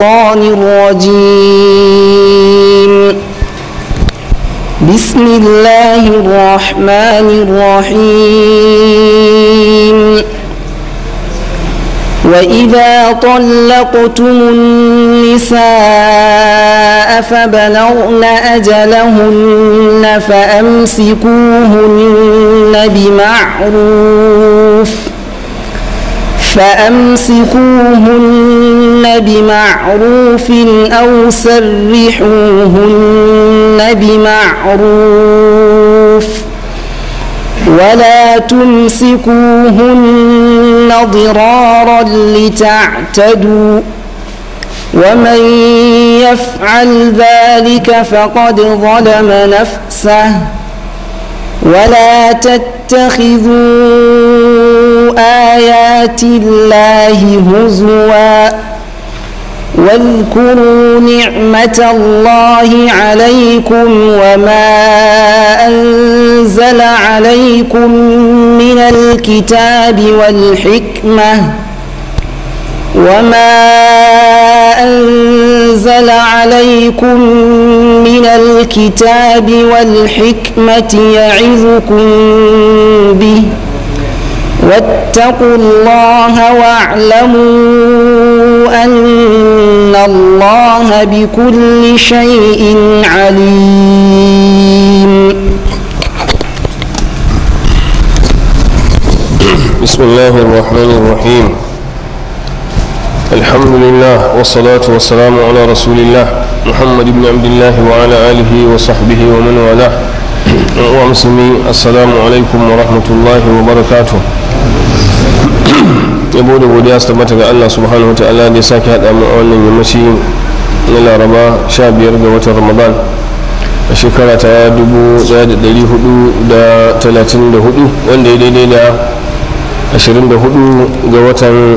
الشيطان الرجيم بسم الله الرحمن الرحيم وإذا طلقتم النساء فبلغن أجلهن فأمسكوهن بمعروف فأمسكوهن بمعروف أو سرحوهن بمعروف ولا تمسكوهن ضرارا لتعتدوا ومن يفعل ذلك فقد ظلم نفسه ولا تتخذوا آيات الله هزوا واذكروا نعمة الله عليكم وما أنزل عليكم من الكتاب والحكمة وما أنزل عليكم من الكتاب والحكمة يعظكم به واتقوا الله واعلموا أن الله بكل شيء عليم بسم الله الرحمن الرحيم الحمد لله والصلاة والسلام على رسول الله محمد بن عبد الله وعلى آله وصحبه ومن والاه wa musulmi assalamu alaikum wa rahmatullahi wa barakatu ya bude godiya su tabbata ga Allah subhanahu wa ta'ala da ya sake haɗa mu a wannan yammaci na laraba sha biyar ga watan ramadan a shekara ta dubu 1434 wanda ya daidai da 24 ga watan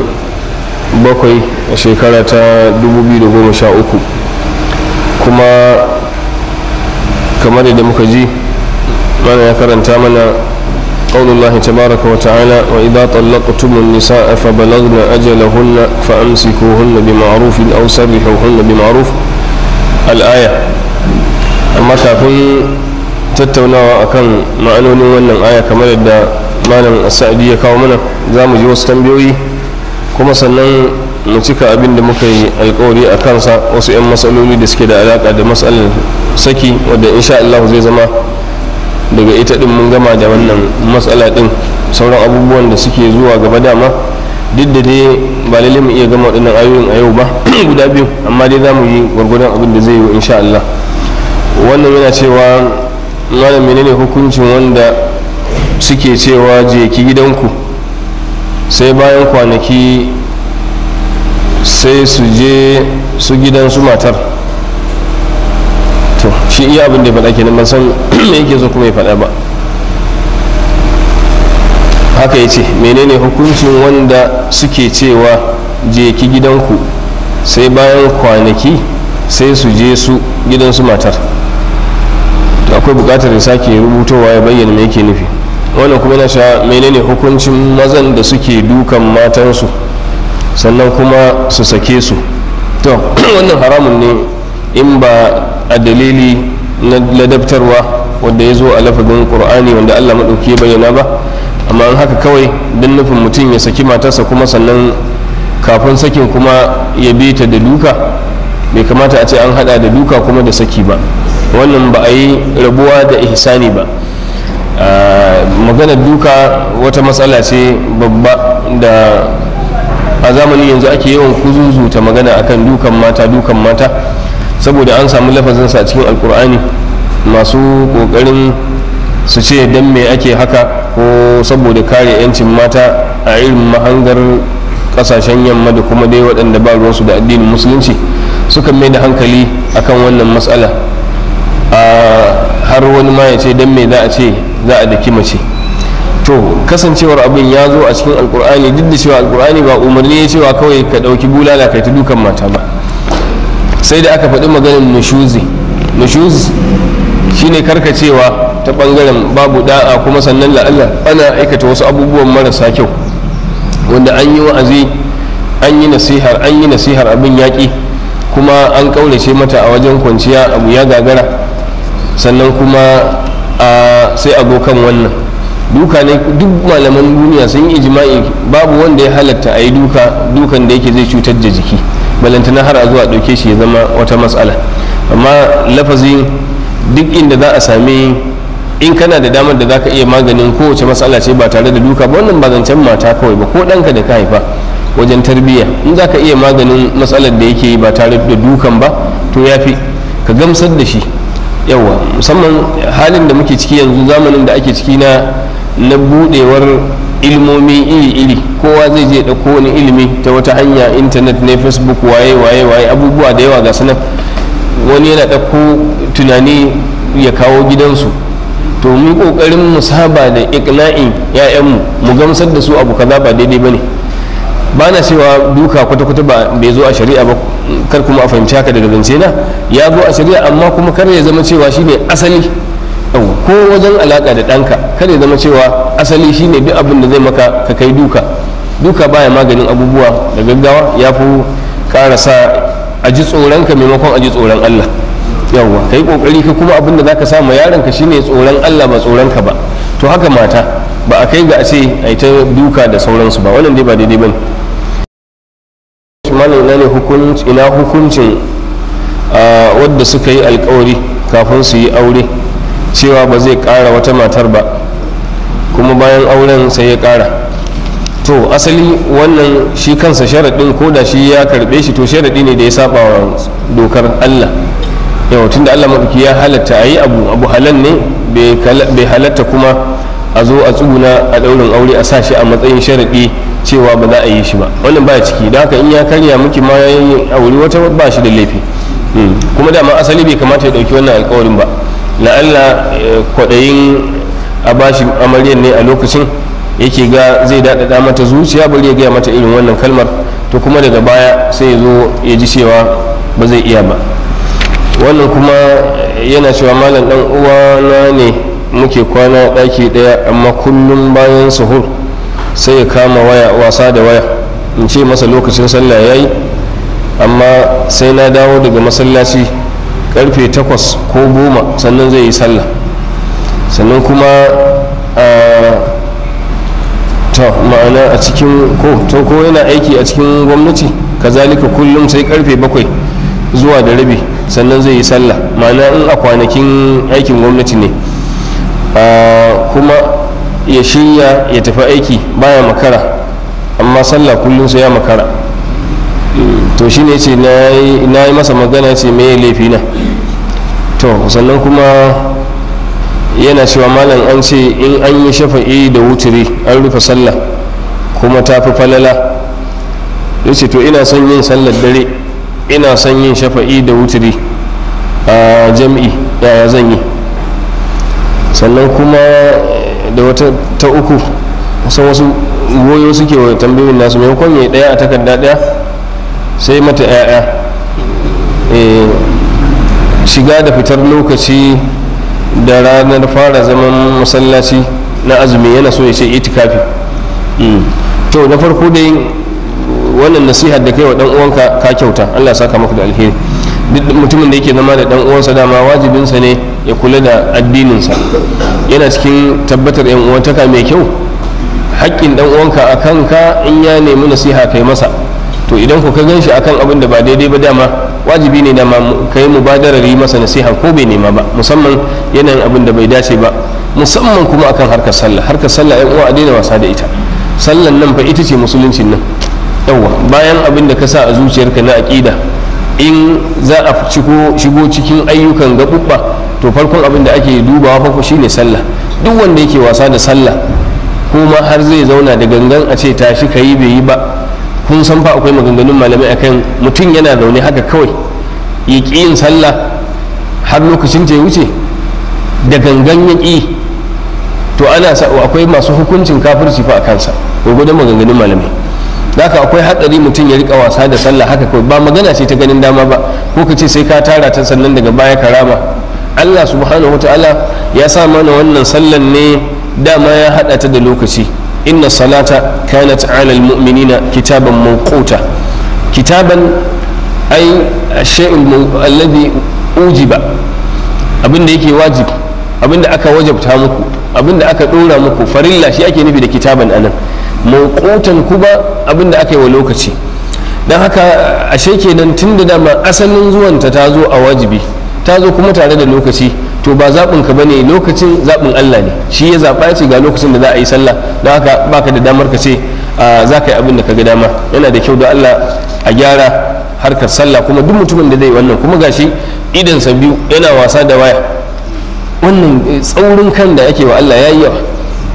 bakwai a shekara ta uku. kuma kamar da muka ji ماذا يكرن تامنا قول الله تبارك وتعالى وإذا طلقتم النساء فبلغن أجلهن فأمسكوهن بمعروف أو سرحوهن بمعروف الآية amma kafin tattaunawa akan ma'anoni wannan aya kamar yadda malam sa'adi ya kawo mana za mu ji wasu tambayoyi kuma sannan mu cika abin da muka yi alkawari a kansa wasu 'yan matsaloli da suke da alaka da matsalar saki wadda insha Allah zai zama daga ita din mun gama da wannan matsala din sauran abubuwan da suke zuwa gaba dama duk da dai ba lalle mu iya gama waɗannan ayoyin a yau ba guda biyu amma dai za mu yi gwargwadon abin da zai yi insha Allah wannan yana cewa malam menene hukuncin wanda suke cewa je ki gidanku sai bayan kwanaki sai su je su gidan su matar shi iya abin da ya faɗa kenan ban san me yake so kuma ya faɗa ba haka ya ce menene hukuncin wanda suke cewa je ki gidanku sai bayan kwanaki sai su je su gidansu matar to akwai bukatar ya sake rubutowa ya bayyana me yake nufi wannan kuma na sha menene hukuncin mazan da suke dukan matansu sannan kuma su sake su to wannan haramun ne in ba a dalili na ladabtarwa wanda ya zo a lafazin qur'ani wanda allah maɗauki ya bayyana ba amma an haka kawai don nufin mutum ya saki matarsa kuma sannan kafin sakin kuma ya bi ta da duka bai kamata a ce an hada da duka kuma da saki ba wannan ba a yi rabuwa da ihsani ba magana duka wata matsala ce babba da a zamani yanzu ake yawan kuzuzuta magana akan dukan mata dukan mata saboda an samu lafazinsa a cikin alkur'ani masu kokarin su ce don me ake haka ko saboda kare 'yancin mata a irin mahangar kasashen yamma da kuma dai waɗanda ba ruwansu da addinin musulunci suka mai da hankali akan wannan matsala har wani ma ya ce don me za a ce za a daki mace to kasancewar abin ya zo a cikin alkur'ani duk da cewa alkur'ani ba umarni ya cewa kawai ka ɗauki bulala kai ta dukan mata ba sai da aka faɗi maganin nushuzi nushuz shine karkacewa ta ɓangaren babu da'a kuma sannan la'alla ana aikata wasu abubuwan marasa kyau wanda an yi wa'azi an yi nasihar an yi nasihar abin yaƙi kuma an ƙaurace mata a wajen kwanciya abu ya gagara sannan kuma sai a sai kan wannan duka ne duk malaman duniya sun yi ijima'i babu wanda ya halatta a yi duka dukan da yake zai cutar da jiki balantana har a zuwa ɗauke shi ya zama wata matsala amma lafazi duk inda za a sami in kana da damar da zaka iya maganin kowace matsala ce ba tare da duka ba wannan ba zancen mata kawai ba ko ɗanka da ka haifa wajen tarbiyya in zaka iya maganin matsalar da yake ba tare da dukan ba to ya fi ka gamsar da shi yawa musamman halin da muke ciki yanzu zamanin da ake ciki na na buɗewar ilmomi iri-iri kowa zai je ɗauko wani ilimi ta wata hanya intanet ne facebook waye waye waye abubuwa da yawa ga sanan wani yana ɗauko tunani ya kawo gidansu to mu kokarin mu saba da iqla'in ya'yanmu mu gamsar da su abu kaza ba daidai bane ba na cewa duka kwata-kwata ba bai zo a shari'a ba kar kuma a fahimci haka daga zance na ya zo a shari'a amma kuma kar ya zama cewa shine asali ko wajen alaka da ɗanka kar ya zama cewa asali shine duk abin da zai maka ka kai duka duka baya maganin abubuwa da gaggawa ya fi ƙara sa a ji tsoronka maimakon a ji tsoron Allah yawwa ka yi ƙoƙari ka kuma abin da za ka samu yaronka shine tsoron Allah ba tsoronka ba to haka mata ba a kai ga a ce a yi ta duka da sauransu ba wannan dai ba daidai ba ne ina ne ina hukuncin wadda suka yi alkawari kafin su yi aure cewa ba zai ƙara wata matar ba kuma bayan auren sai ya ƙara to asali wannan shi kansa sharaɗin ko da shi ya karɓe shi to sharaɗi ne da ya saba wa dokar Allah yau tunda Allah maɗauki ya halatta a yi abu abu halal ne bai halatta kuma a zo a tsuguna a ɗaurin aure a sa shi a matsayin sharaɗi cewa ba za a yi shi ba wannan ba ciki da haka in ya karya miki ma ya yi aure wata ba shi da laifi hmm. kuma dama asali bai kamata ya ɗauki wannan alkawarin ba la'alla eh, kwaɗayin a bashi amaryar ne a lokacin yake ga zai daɗaɗa mata zuciya bari ya gaya mata irin wannan kalmar to kuma daga baya sai ya zo ya ji cewa ba zai iya ba wannan kuma yana cewa malam ɗan uwana ne muke kwana ɗaki ɗaya amma kullum bayan sahur sai ya kama waya wasa da waya in ce masa lokacin sallah ya yi amma sai na dawo daga masallaci karfe takwas ko goma sannan zai yi sallah sannan kuma ah, to ma'ana a cikin ko to ko yana aiki a cikin gwamnati kazalika kullum sai karfe bakwai zuwa da rabi sannan zai yi sallah ma'ana in a kwanakin aikin gwamnati ne kuma ya shirya ya tafi aiki baya makara amma sallah kullum sai ya makara to shi ne ce na yi masa magana ce mai laifi na to sannan kuma yana cewa malam an ce in an yi shafa'i da wuturi an rufe sallah kuma ta fi falala ya ce to ina son yin sallar dare ina son yin shafa'i da wuturi a jam'i yaya zan yi sannan kuma eh, da wata ta uku sun wasu goyo suke wa tambayoyin nasu maimakon ya daya a takarda daya sai mata 'ya'ya eh, shiga da fitar lokaci da ranar fara zaman masallaci na azumi yana so ya ce itikafi mm. to na farko da yin wannan nasiha da kai wa dan uwanka ka kyauta Allah saka maka da alheri duk mutumin da yake zama da dan uwansa dama wajibinsa ne ya kula da addininsa yana cikin tabbatar yan uwantaka mai kyau haƙƙin dan uwanka a ka in ya nemi nasiha kai masa to idan ku ka gan shi akan abin da ba daidai ba dama wajibi ne da ka yi mubadarar yi masa nasiha ko bai nema ba musamman yanayin abin da bai dace ba musamman kuma akan harkar sallah harkar sallah yan uwa a daina wasa da ita sallan nan fa ita ce musuluncin nan yawa bayan abin da ka sa a zuciyarka na aqida in za a shigo cikin ayyukan gaɓuɓɓa to farkon abin da ake dubawa farko shine sallah duk wanda yake wasa da sallah kuma har zai zauna da gangan a ce tashi ka yi bai yi ba kun san fa akwai maganganun malamai akan mutum yana zaune haka kawai ya ƙi yin sallah har lokacin ta ya wuce da gangan ya ƙi to ana sa akwai masu hukuncin kafirci fa a kansa gwagwadon maganganun malamai aka akwai hatsari mutum ya rika wasa da sallah haka kawai ba magana ce ta ganin dama ba ko ka ce sai ka tara ta sannan daga baya karama Allah subhanahu wataala ya sa mana wannan sallan ne dama ya hada ta da lokaci inna salata kanat ala muminina kitaban mawquta kitaban ay shay'ul alladhi ujiba abinda yake wajib abinda aka wajabta muku abinda aka dora muku farilla shi ake nufi da kitaban anan mawqutan kuma abinda aka yi wa lokaci don haka ashe kenan tun da dama asalin zuwanta ta zo a wajibi ta zo kuma tare da lokaci to ba zaɓin ka ba ne lokacin zaɓin Allah ne shi ya zaɓa ya ce ga lokacin da za a yi sallah da haka baka da damar ka ce za ka yi abin da ka ga dama yana da kyau da Allah a gyara harkar sallah kuma duk mutumin da zai wannan kuma gashi sa biyu yana wasa da waya wannan eh, tsaurin kan da ake wa Allah ya yi yawa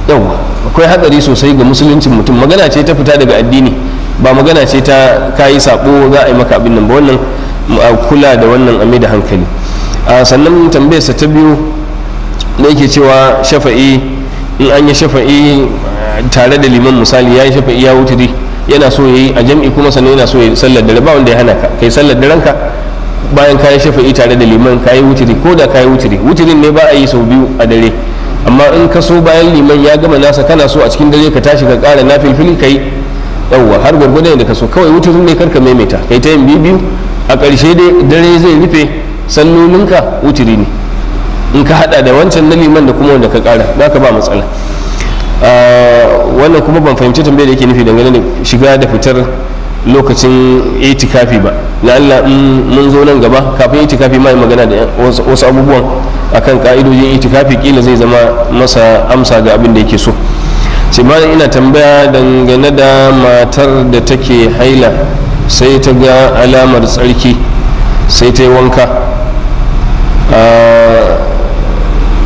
yawa akwai hatsari sosai ga musuluncin mutum magana ce ta fita daga addini ba magana ce ta kayi sabo za a yi maka abin nan ba wannan kula da wannan ame da hankali sannan tambayarsa ta biyu da yake cewa shafa'i in an yi shafa'i tare da liman misali ya yi shafa'i ya wuturi yana so ya yi a jam'i kuma sannan yana so ya yi sallar dare ba wanda ya hana ka kai sallar darenka bayan ka yi shafa'i tare da liman ka yi wuturi ko da ka yi wuturi wuturin ne ba a yi sau biyu a dare amma in ka so bayan liman ya gama nasa kana so a cikin dare ka tashi ka ƙara na filfili ka yi yawwa har gwargwadon da ka so kawai wuturin ne karka maimaita kai ta yin biyu biyu a ƙarshe dare zai rufe ka wutiri ne in ka hada da wancan na liman da kuma wanda ka kara ba ka ba matsala ah, wannan kuma ban fahimci tambayar da yake nufi dangane da shiga da fitar lokacin itikafi ba na Allah mun zo nan gaba kafin itikafi ma magana da wasu abubuwan akan ka'idojin itikafi kila zai zama masa amsa ga abin da yake so sai ina tambaya dangane da matar da take haila sai ta ga alamar tsarki sai ta yi wanka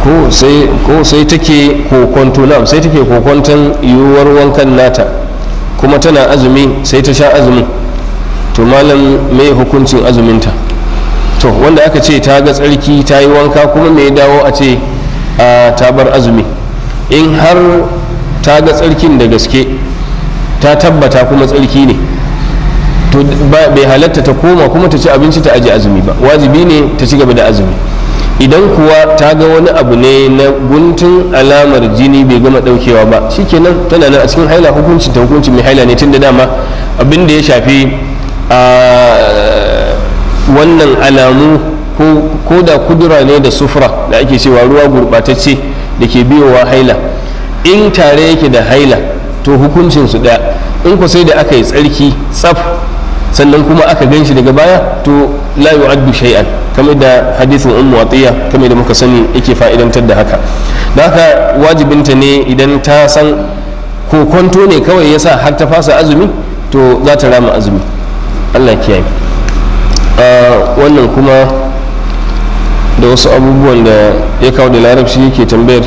ko sai take kokonto na sai take kokonton yiwuwar wankan nata kuma tana azumi sai ta sha azumi to malam mai hukuncin azuminta to wanda aka ce ta ga tsarki ta yi wanka kuma mai dawo a ce ta bar azumi in har ta ga tsarkin da gaske ta tabbata kuma tsarki ne to bai halatta ta koma kuma ta ci abinci ta aji azumi ba wajibi ne ta ci gaba da azumi idan kuwa ta ga wani abu ne na guntun alamar jini bai gama daukewa ba shikenan tana nan a cikin haila hukunci ta hukunci mai haila ne tunda dama abin da ya shafi a wannan alamu ko da kudura ne da sufra da ake cewa ruwa gurbatacce da ke biyowa haila in tare yake da haila to hukuncinsu su in ku sai da aka yi tsarki tsaf sannan kuma aka gan shi daga baya to la yu'addu shay'an kamar da hadisin ummu atiya kamar da muka sani yake fa'idantar da haka da haka wajibinta ne idan ta san ko kwanto ne kawai yasa har ta fasa azumi to za ta rama azumi Allah kiyaye wannan kuma da wasu abubuwan da ya kawo da larabci yake tambayar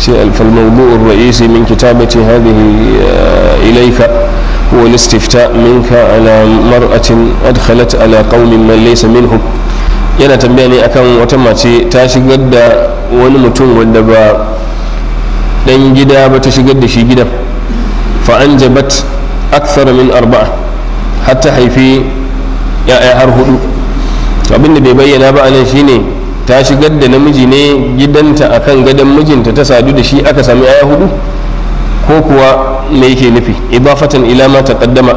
shi bu'u ra'isi min kitabati hadhihi ilayka والاستفتاء منك على مرأة أدخلت على قوم من ليس منهم yana tambaya ne akan wata mace ta shigar da wani mutum wanda ba dan gida ba ta shigar da shi gidan fa'an jabat akthar min arba'a hatta haifi ya'ya har hudu abinda bai bayyana ba anan shine ta shigar da namiji ne gidanta akan gadon mijinta ta sadu da shi aka sami ya'ya hudu ko kuwa me yake nufi ibafatan ila ma taqaddama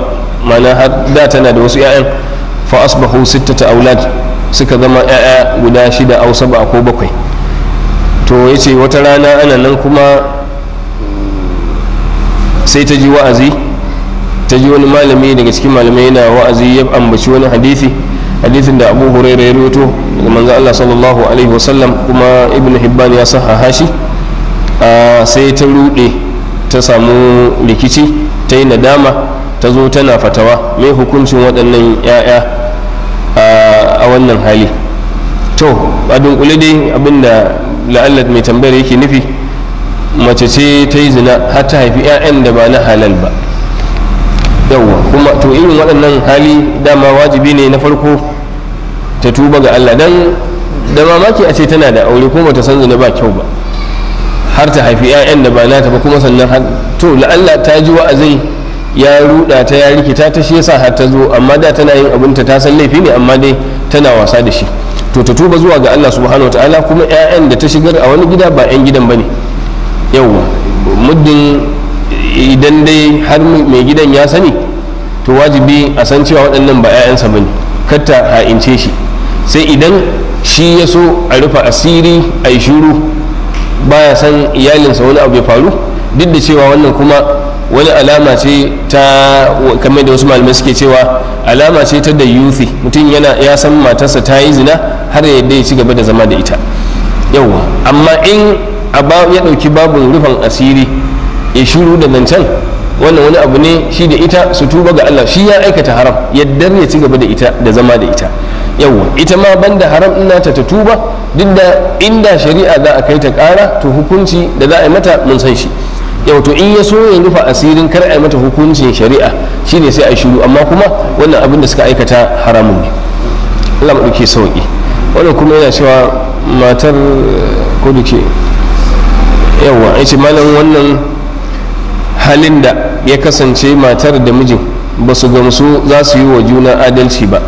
ma'ana har da tana da wasu 'ya'yan fa asbahu sittata aulad suka zama 'ya'ya guda shida au saba ko bakwai to yace wata rana ana nan kuma sai ta ji wa'azi ta ji wani malami daga cikin malamai yana wa'azi ya ambaci wani hadisi hadisin da abu huraira ya rawaito daga manzo Allah sallallahu alaihi wasallam kuma ibnu hibban ya sahaha shi sai ta rude ta samu rikici ta yi nadama ta zo tana fatawa mai hukuncin waɗannan 'ya'ya a wannan hali to a dunkule dai abinda la'allat mai tambayar yake nufi mace ce ta yi zina har ta haifi 'ya'yan da ba na halal ba yawwa kuma to irin waɗannan hali dama wajibi ne na farko ta tuba ga allah don da mamaki a ce tana da aure ko bata san zina ba kyau ba har ta haifi 'ya'yan da ba nata ba kuma sannan to la'alla ta ji wa'azai ya ruda ta ya rikita ta shi yasa har ta zo amma da tana yin abin ta san laifi ne amma dai tana wasa da shi to ta tuba zuwa ga Allah subhanahu wataala kuma 'ya'yan da ta shigar a wani gida ba 'yan gidan bane yawwa muddin idan dai har mai gidan ya sani to wajibi a san cewa waɗannan ba 'ya'yansa bane kar ta ha'ince shi sai idan shi ya so a rufe asiri a yi shuru baya san iyalinsa wani abu ya faru duk da cewa wannan kuma wani alama ce ta kamar da wasu malamai suke cewa alama ce ta da yuthi mutum yana ya san matarsa ta yi zina har ya yadda ya ci gaba da zama da ita yawa amma in ya ɗauki babin rufan asiri ya shiru da nan can wannan wani abu ne shi da ita su tuba ga Allah shi ya aikata haram yadda ya ci gaba da ita da zama da ita yawa ita ma banda haram ina ta ta tuba duk da inda shari'a za a kai ta kara to hukunci da za a yi mata mun san shi yau to in ya so ya rufa asirin kar a yi mata hukuncin shari'a shine sai a shiru amma kuma wannan abin da suka aikata haramun ne Allah mu dauke sauki wannan kuma yana cewa matar ko dace yawa ai ce malam wannan halin da ya kasance matar da mijin ba su gamsu za su yi wa juna adalci ba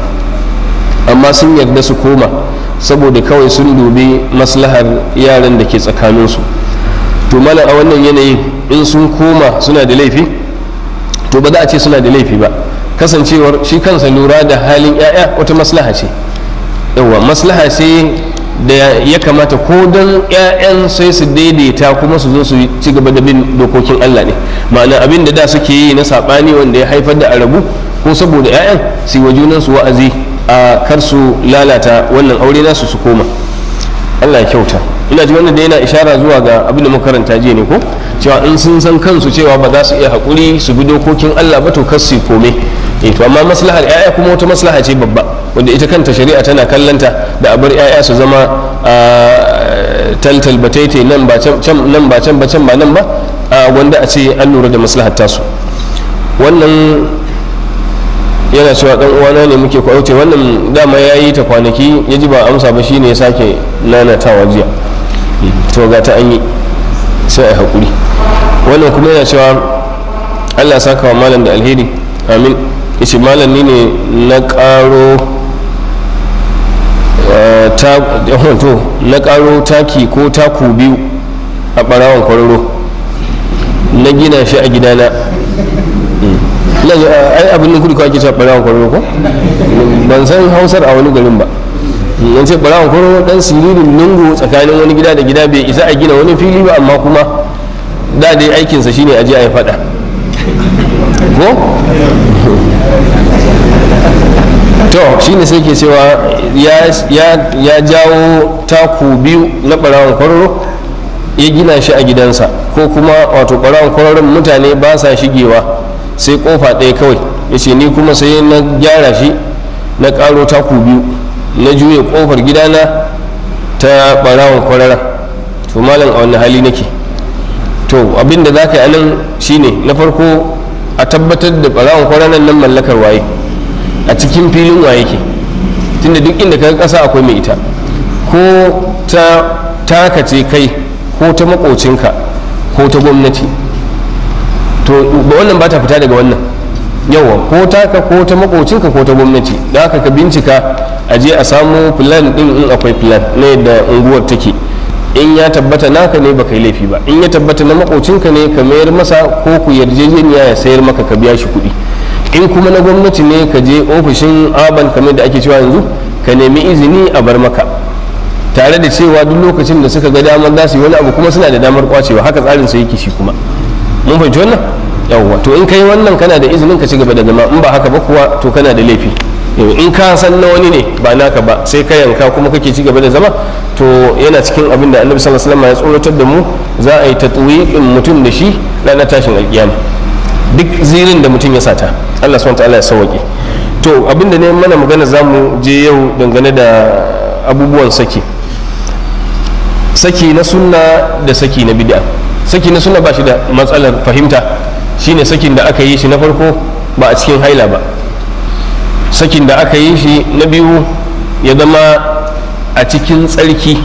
amma sun yarda su koma saboda kawai sun dubi maslahar yaran da ke tsakaninsu to a wannan yanayin in sun koma suna da laifi to ba za a ce suna da laifi ba kasancewar shi kansa lura da halin 'ya'ya wata maslaha ce yawa maslaha ce da ya kamata ko don 'ya'yan sai su daidaita kuma su zo su ci gaba da bin dokokin allah ne ma'ana abin da da suke yi na saɓani wanda ya haifar da arabu ko saboda 'ya'yan su yi wa junansu wa'azi a kar su lalata wannan aure nasu su koma allah ya kyauta ina ji wannan da yana ishara zuwa ga abin da makaranta jiya ne ko cewa in sun san kansu cewa ba za su iya hakuri su bi dokokin allah ba to kar su kome eh to amma maslahar 'ya'ya kuma wata maslaha ce babba wanda ita kanta shari'a tana kallanta da abar 'ya'ya su zama taltal bataite nan ba can nan ba can ba can ba nan ba wanda a ce an lura da maslahar tasu wannan yana cewa dan uwana ne muke kwauce wannan dama ya yi ta kwanaki ya ji ba amsa ba shine ya sake nanatawa jiya to ga ta an yi sai a haƙuri wannan kuma yana cewa allah saka wa malam da alheri amin ce malam ni ne na ƙaro eh, na ƙaro taki ko taku biyu a ɓarawan kwararo na gina shi a gidana Eh, ai abin nan kudu kawai cewa ɓarawan kwararo ko ban san hausar a wani garin ba in ce ɓarawan kwararo dan siririn lungu tsakanin wani gida da gida bai isa a gina wani fili ba amma kuma da dai aikinsa shine aje a faɗa ko to shine sai ke cewa ya jawo taku biyu na ɓarawan kwararo ya gina shi a gidansa ko kuma wato barawan kwararon mutane ba sa shigewa sai kofa ɗaya kawai ya ce ni kuma sai na gyara shi na ƙaro taku biyu na juya ƙofar gidana ta ɓarawon kwarara to malam a wani hali nake to abinda da za ka yi anan shine na farko a tabbatar da ɓarawon kwararan nan mallakar waye a cikin filin waye ke tunda duk inda ka ƙasa akwai mai ita ko ta takace kai ko ta maƙocinka ko ta gwamnati to ba wannan ba ta fita daga wannan yawa ko ta ka ko ta makocinka ko ta gwamnati da aka ka bincika a je a samu plan din in akwai plan na yadda unguwar take in ya tabbata naka ne baka yi laifi ba in ya tabbata na makocinka ne ka mayar masa ko ku yarjejeniya ya sayar maka ka biya shi kuɗi in kuma na gwamnati ne ka je ofishin aban kamar da ake cewa yanzu ka nemi izini a bar maka tare da cewa duk lokacin da suka ga damar za su yi wani abu kuma suna da damar kwacewa haka tsarin su yake shi kuma mun fahimci wannan yawwa to in kai wannan kana da izinin ka ci gaba da zama in ba haka ba kuwa to kana da laifi in ka san na wani ne ba naka ba sai ka yanka kuma kake ci gaba da zama to yana cikin abin da annabi sallallahu alaihi wasallam ya tsoratar da mu za a yi tatwiqin mutum da shi ranar tashin alkiyama duk zirin da mutum ya sata Allah subhanahu ta'ala ya sauke to abin da ne mana magana zamu je yau dangane da abubuwan saki saki na sunna da saki na bid'a saki na sunna ba shi da matsalar fahimta shine sakin da aka yi shi na farko ba a cikin haila ba sakin da aka yi shi na biyu ya zama a cikin tsarki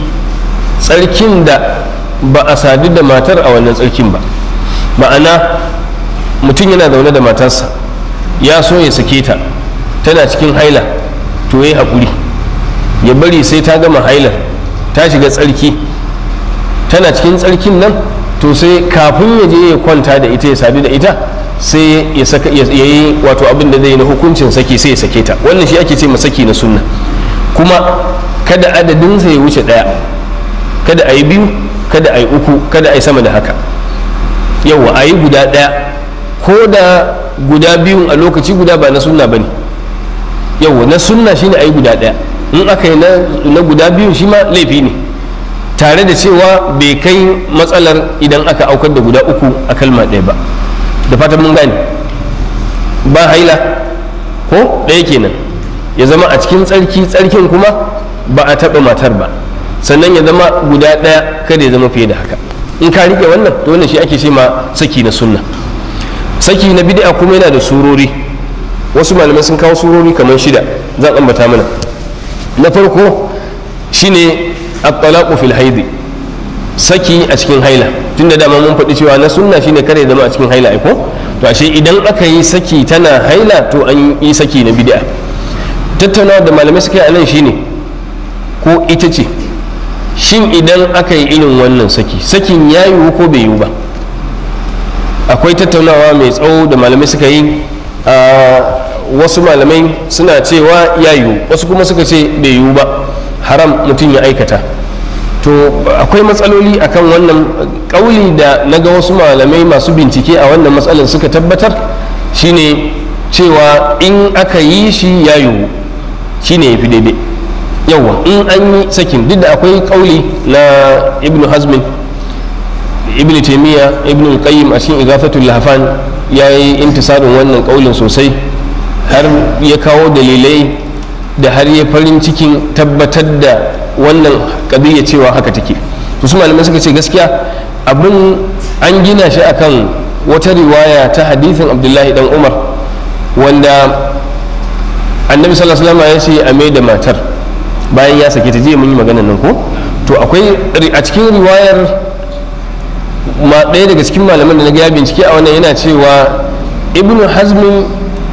tsarkin da ba a sadu da matar a wannan tsarkin ba ma'ana mutum yana zaune da matarsa ya so ya sake ta tana cikin haila to ya haƙuri ya bari sai ta gama hailar ta shiga tsarki tana cikin tsarkin nan to sai kafin ya je ya kwanta da ita ya sadu da ita sai ya saka ya yi wato abin da zai na hukuncin saki sai ya sake ta wannan shi ake ce ma saki na sunna kuma kada adadin sai ya wuce daya kada a yi biyu kada a yi uku kada a yi sama da haka yawa a yi guda daya ko da guda biyun a lokaci guda ba na sunna bane yawa na sunna shine a yi guda daya in aka yi na guda biyun shi ma laifi ne tare da cewa bai kai matsalar idan aka aukar da guda uku a kalma ɗaya ba da fatan mun gane ba haila ko ɗaya kenan ya zama a cikin tsarki tsarkin kuma ba a taɓa matar ba sannan ya zama guda ɗaya kada ya zama fiye da haka in ka rike wannan to wannan shi ake ce ma saki na sunna saki na bid'a kuma yana da surori wasu malamai sun kawo surori kamar shida zan ambata mana na farko shine at-talaqu fil haid saki a cikin haila tunda dama mun faɗi cewa na sunna shine kare zama a cikin haila ko to ashe idan aka yi saki tana haila to an yi saki na bid'a tattaunawa da malamai suka yi a nan shine ko ita ce shin idan aka yi irin wannan saki sakin ya yiwu ko bai yiwu ba akwai tattaunawa mai tsawo da malamai suka yi a wasu malamai suna cewa ya yiwu wasu kuma suka ce bai yiwu ba haram mutum ya aikata to akwai matsaloli akan wannan kauli da naga wasu malamai masu bincike a wannan matsalar suka tabbatar shine cewa in aka yi shi ya yiwu ne ya fi daidai yawa in an yi sakin duk da akwai kauli na ibnu hazmin ibn taimiyya ibn qayyim a cikin igafatul lahfan ya yi intisarin wannan kaulin sosai har ya kawo dalilai da har ya farin cikin tabbatar da wannan kadiyya cewa haka take su su malamai suka ce gaskiya abin an gina shi akan wata riwaya ta hadithin abdullahi dan umar wanda annabi sallallahu alaihi wasallam ya ce a mai da matar bayan ya sake ta je mun yi maganar nan ko to akwai a cikin riwayar ma daya daga cikin malaman da na ga bincike a wannan yana cewa ibnu hazmin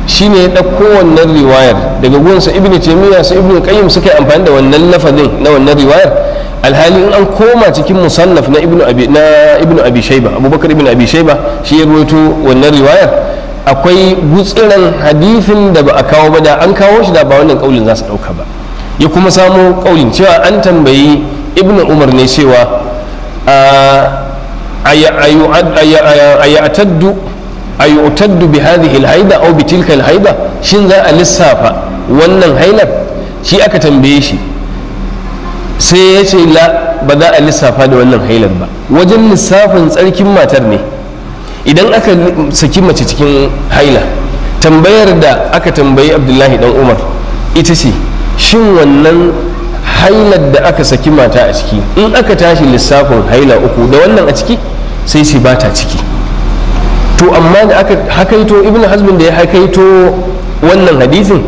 shi ne ya ɗauko wannan riwayar daga gunsa ibn taymiya sai ibn qayyim suka yi amfani da wannan lafazin na wannan riwayar alhali in an koma cikin musannaf na ibn abi na ibn abi abubakar ibn abi shayba shi ya ruwaito wannan riwayar akwai gutsiran hadifin da ba a kawo ba da an kawo shi da ba wannan kaulin za su ɗauka ba ya kuma samo kaulin cewa an tambayi ibn umar ne cewa a ya ataddu ayyutaddu bi hadhihi al aw bi tilka al shin za a lissafa wannan hailar shi aka tambaye shi sai ya ce la ba za a lissafa da wannan hailar ba wajen lissafin tsarkin matar ne idan aka saki mace cikin haila tambayar da aka tambayi abdullahi dan umar ita ce shin wannan hailar da aka saki mata a ciki in aka tashi lissafin haila uku da wannan a ciki sai shi ba ta ciki to amma da aka hakaito ibn hazmin da ya hakaito wannan hadisin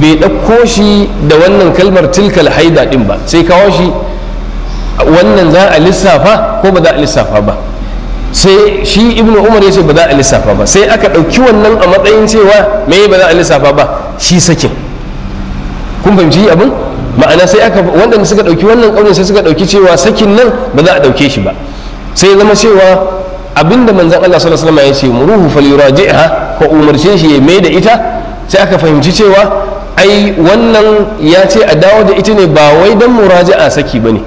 bai ɗauko shi da wannan kalmar tilkal haida ɗin ba sai kawo shi wannan za a lissafa ko ba za a lissafa ba sai shi ibnu umar ya ce ba za a lissafa ba sai aka ɗauki wannan a matsayin cewa me ba za a lissafa ba shi sakin kun fahimci abin ma'ana sai aka waɗanda suka ɗauki wannan ƙaunin sai suka ɗauki cewa sakin nan ba za a ɗauke shi ba sai zama cewa abinda manzon Allah sallallahu alaihi wasallam ya ce muruhu falyuraji'ha ko umarce shi ya mai da ita sai aka fahimci cewa ai wannan ya ce a dawo da ita ne ba wai dan a saki bane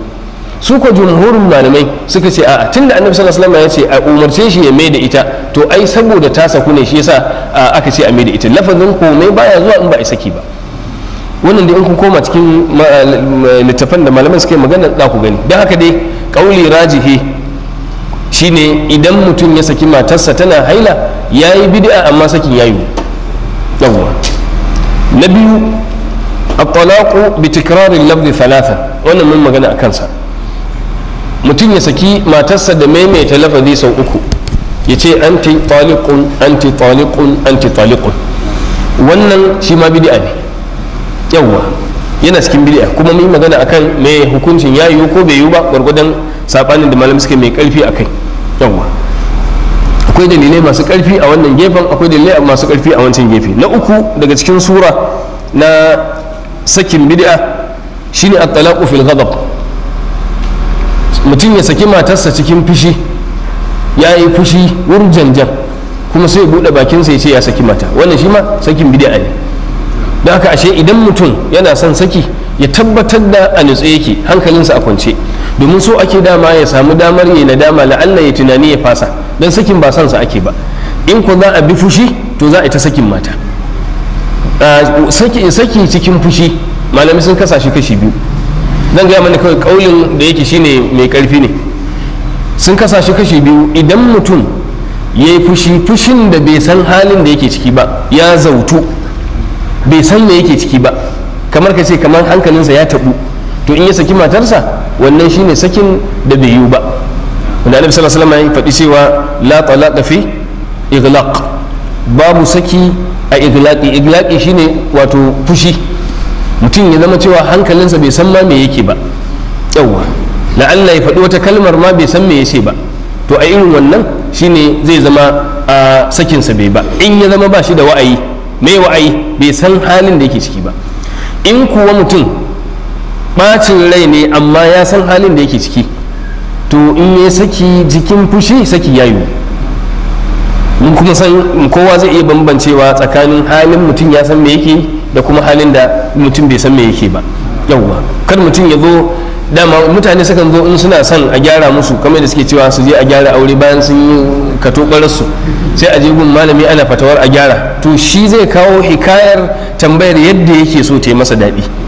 su ko jumhurin malamai suka ce a'a tunda annabi sallallahu alaihi wasallam ya ce a umarce shi ya mai da ita to ai saboda ta saku ne shi yasa aka ce a mai da ita lafazin komai baya zuwa in ba a saki ba wannan da in kun koma cikin littafan da malamai suke magana za ku gani don haka dai kauli rajihi shine idan mutum ya saki matarsa tana haila ya yi bid'a amma sakin ya yi yawwa na biyu at-talaqu bi tikrarin lafzi thalatha wannan mun magana a kansa mutum ya saki matarsa da maimaita lafazi sau uku ya ce anti taliqun anti taliqun anti taliqun wannan shi ma bid'a ne yawwa yana cikin bid'a kuma mun magana akan me hukuncin ya yiwu ko bai yiwu ba gwargwadon sabanin da malam suke mai karfi akai yawa akwai dalilai masu karfi a wannan gefen akwai dalilai masu karfi a wancan gefe na uku daga cikin sura na sakin bidi'a shine at-talaqu fil ghadab mutum ya saki matarsa cikin fushi ya yi fushi janjan kuma sai bude bakin bakinsa ya ce ya saki mata wannan shi ma sakin bidi'a ne don haka ashe idan mutum yana son saki ya tabbatar da a nutse yake hankalinsa a kwance domin so ake dama ya samu damar ya nadama la'alla ya tunani ya fasa don sakin ba sansa ake ba in ku za a bi fushi to za a ita sakin mata saki cikin fushi malamai sun kasa shi kashi biyu zan gaya mana kawai kaulin da yake shine mai karfi ne sun kasa shi kashi biyu idan mutum ya yi fushi fushin da bai san halin da yake ciki ba ya zautu bai san me yake ciki ba kamar ka ce kamar hankalinsa ya taɓu to in ya saki matarsa wannan shine sakin da bai yiwu ba wanda annabi sallallahu alaihi faɗi cewa la talaqa fi iglaq babu saki a iglaqi iglaqi shine wato fushi mutum ya zama cewa hankalinsa bai san ma me yake ba yawwa la'alla ya faɗi wata kalmar ma bai san me yace ba to a irin wannan shine zai zama a sakinsa bai ba in ya zama ba shi da wa'ayi mai wa'ayi bai san halin da yake ciki ba in kuwa mutum bacin rai ne amma ya san halin da yake ciki to in ya saki jikin fushi saki yayu mun kuma san kowa zai iya bambancewa tsakanin halin mutum ya san me yake da kuma halin da mutum bai san me yake ba yauwa kar mutum ya zo dama mutane sukan zo in suna son a gyara musu kamar da suke cewa su je a gyara aure bayan sun yi kato su sai a je malami ana fatawar a gyara to shi zai kawo hikayar tambayar yadda yake so ta yi masa daɗi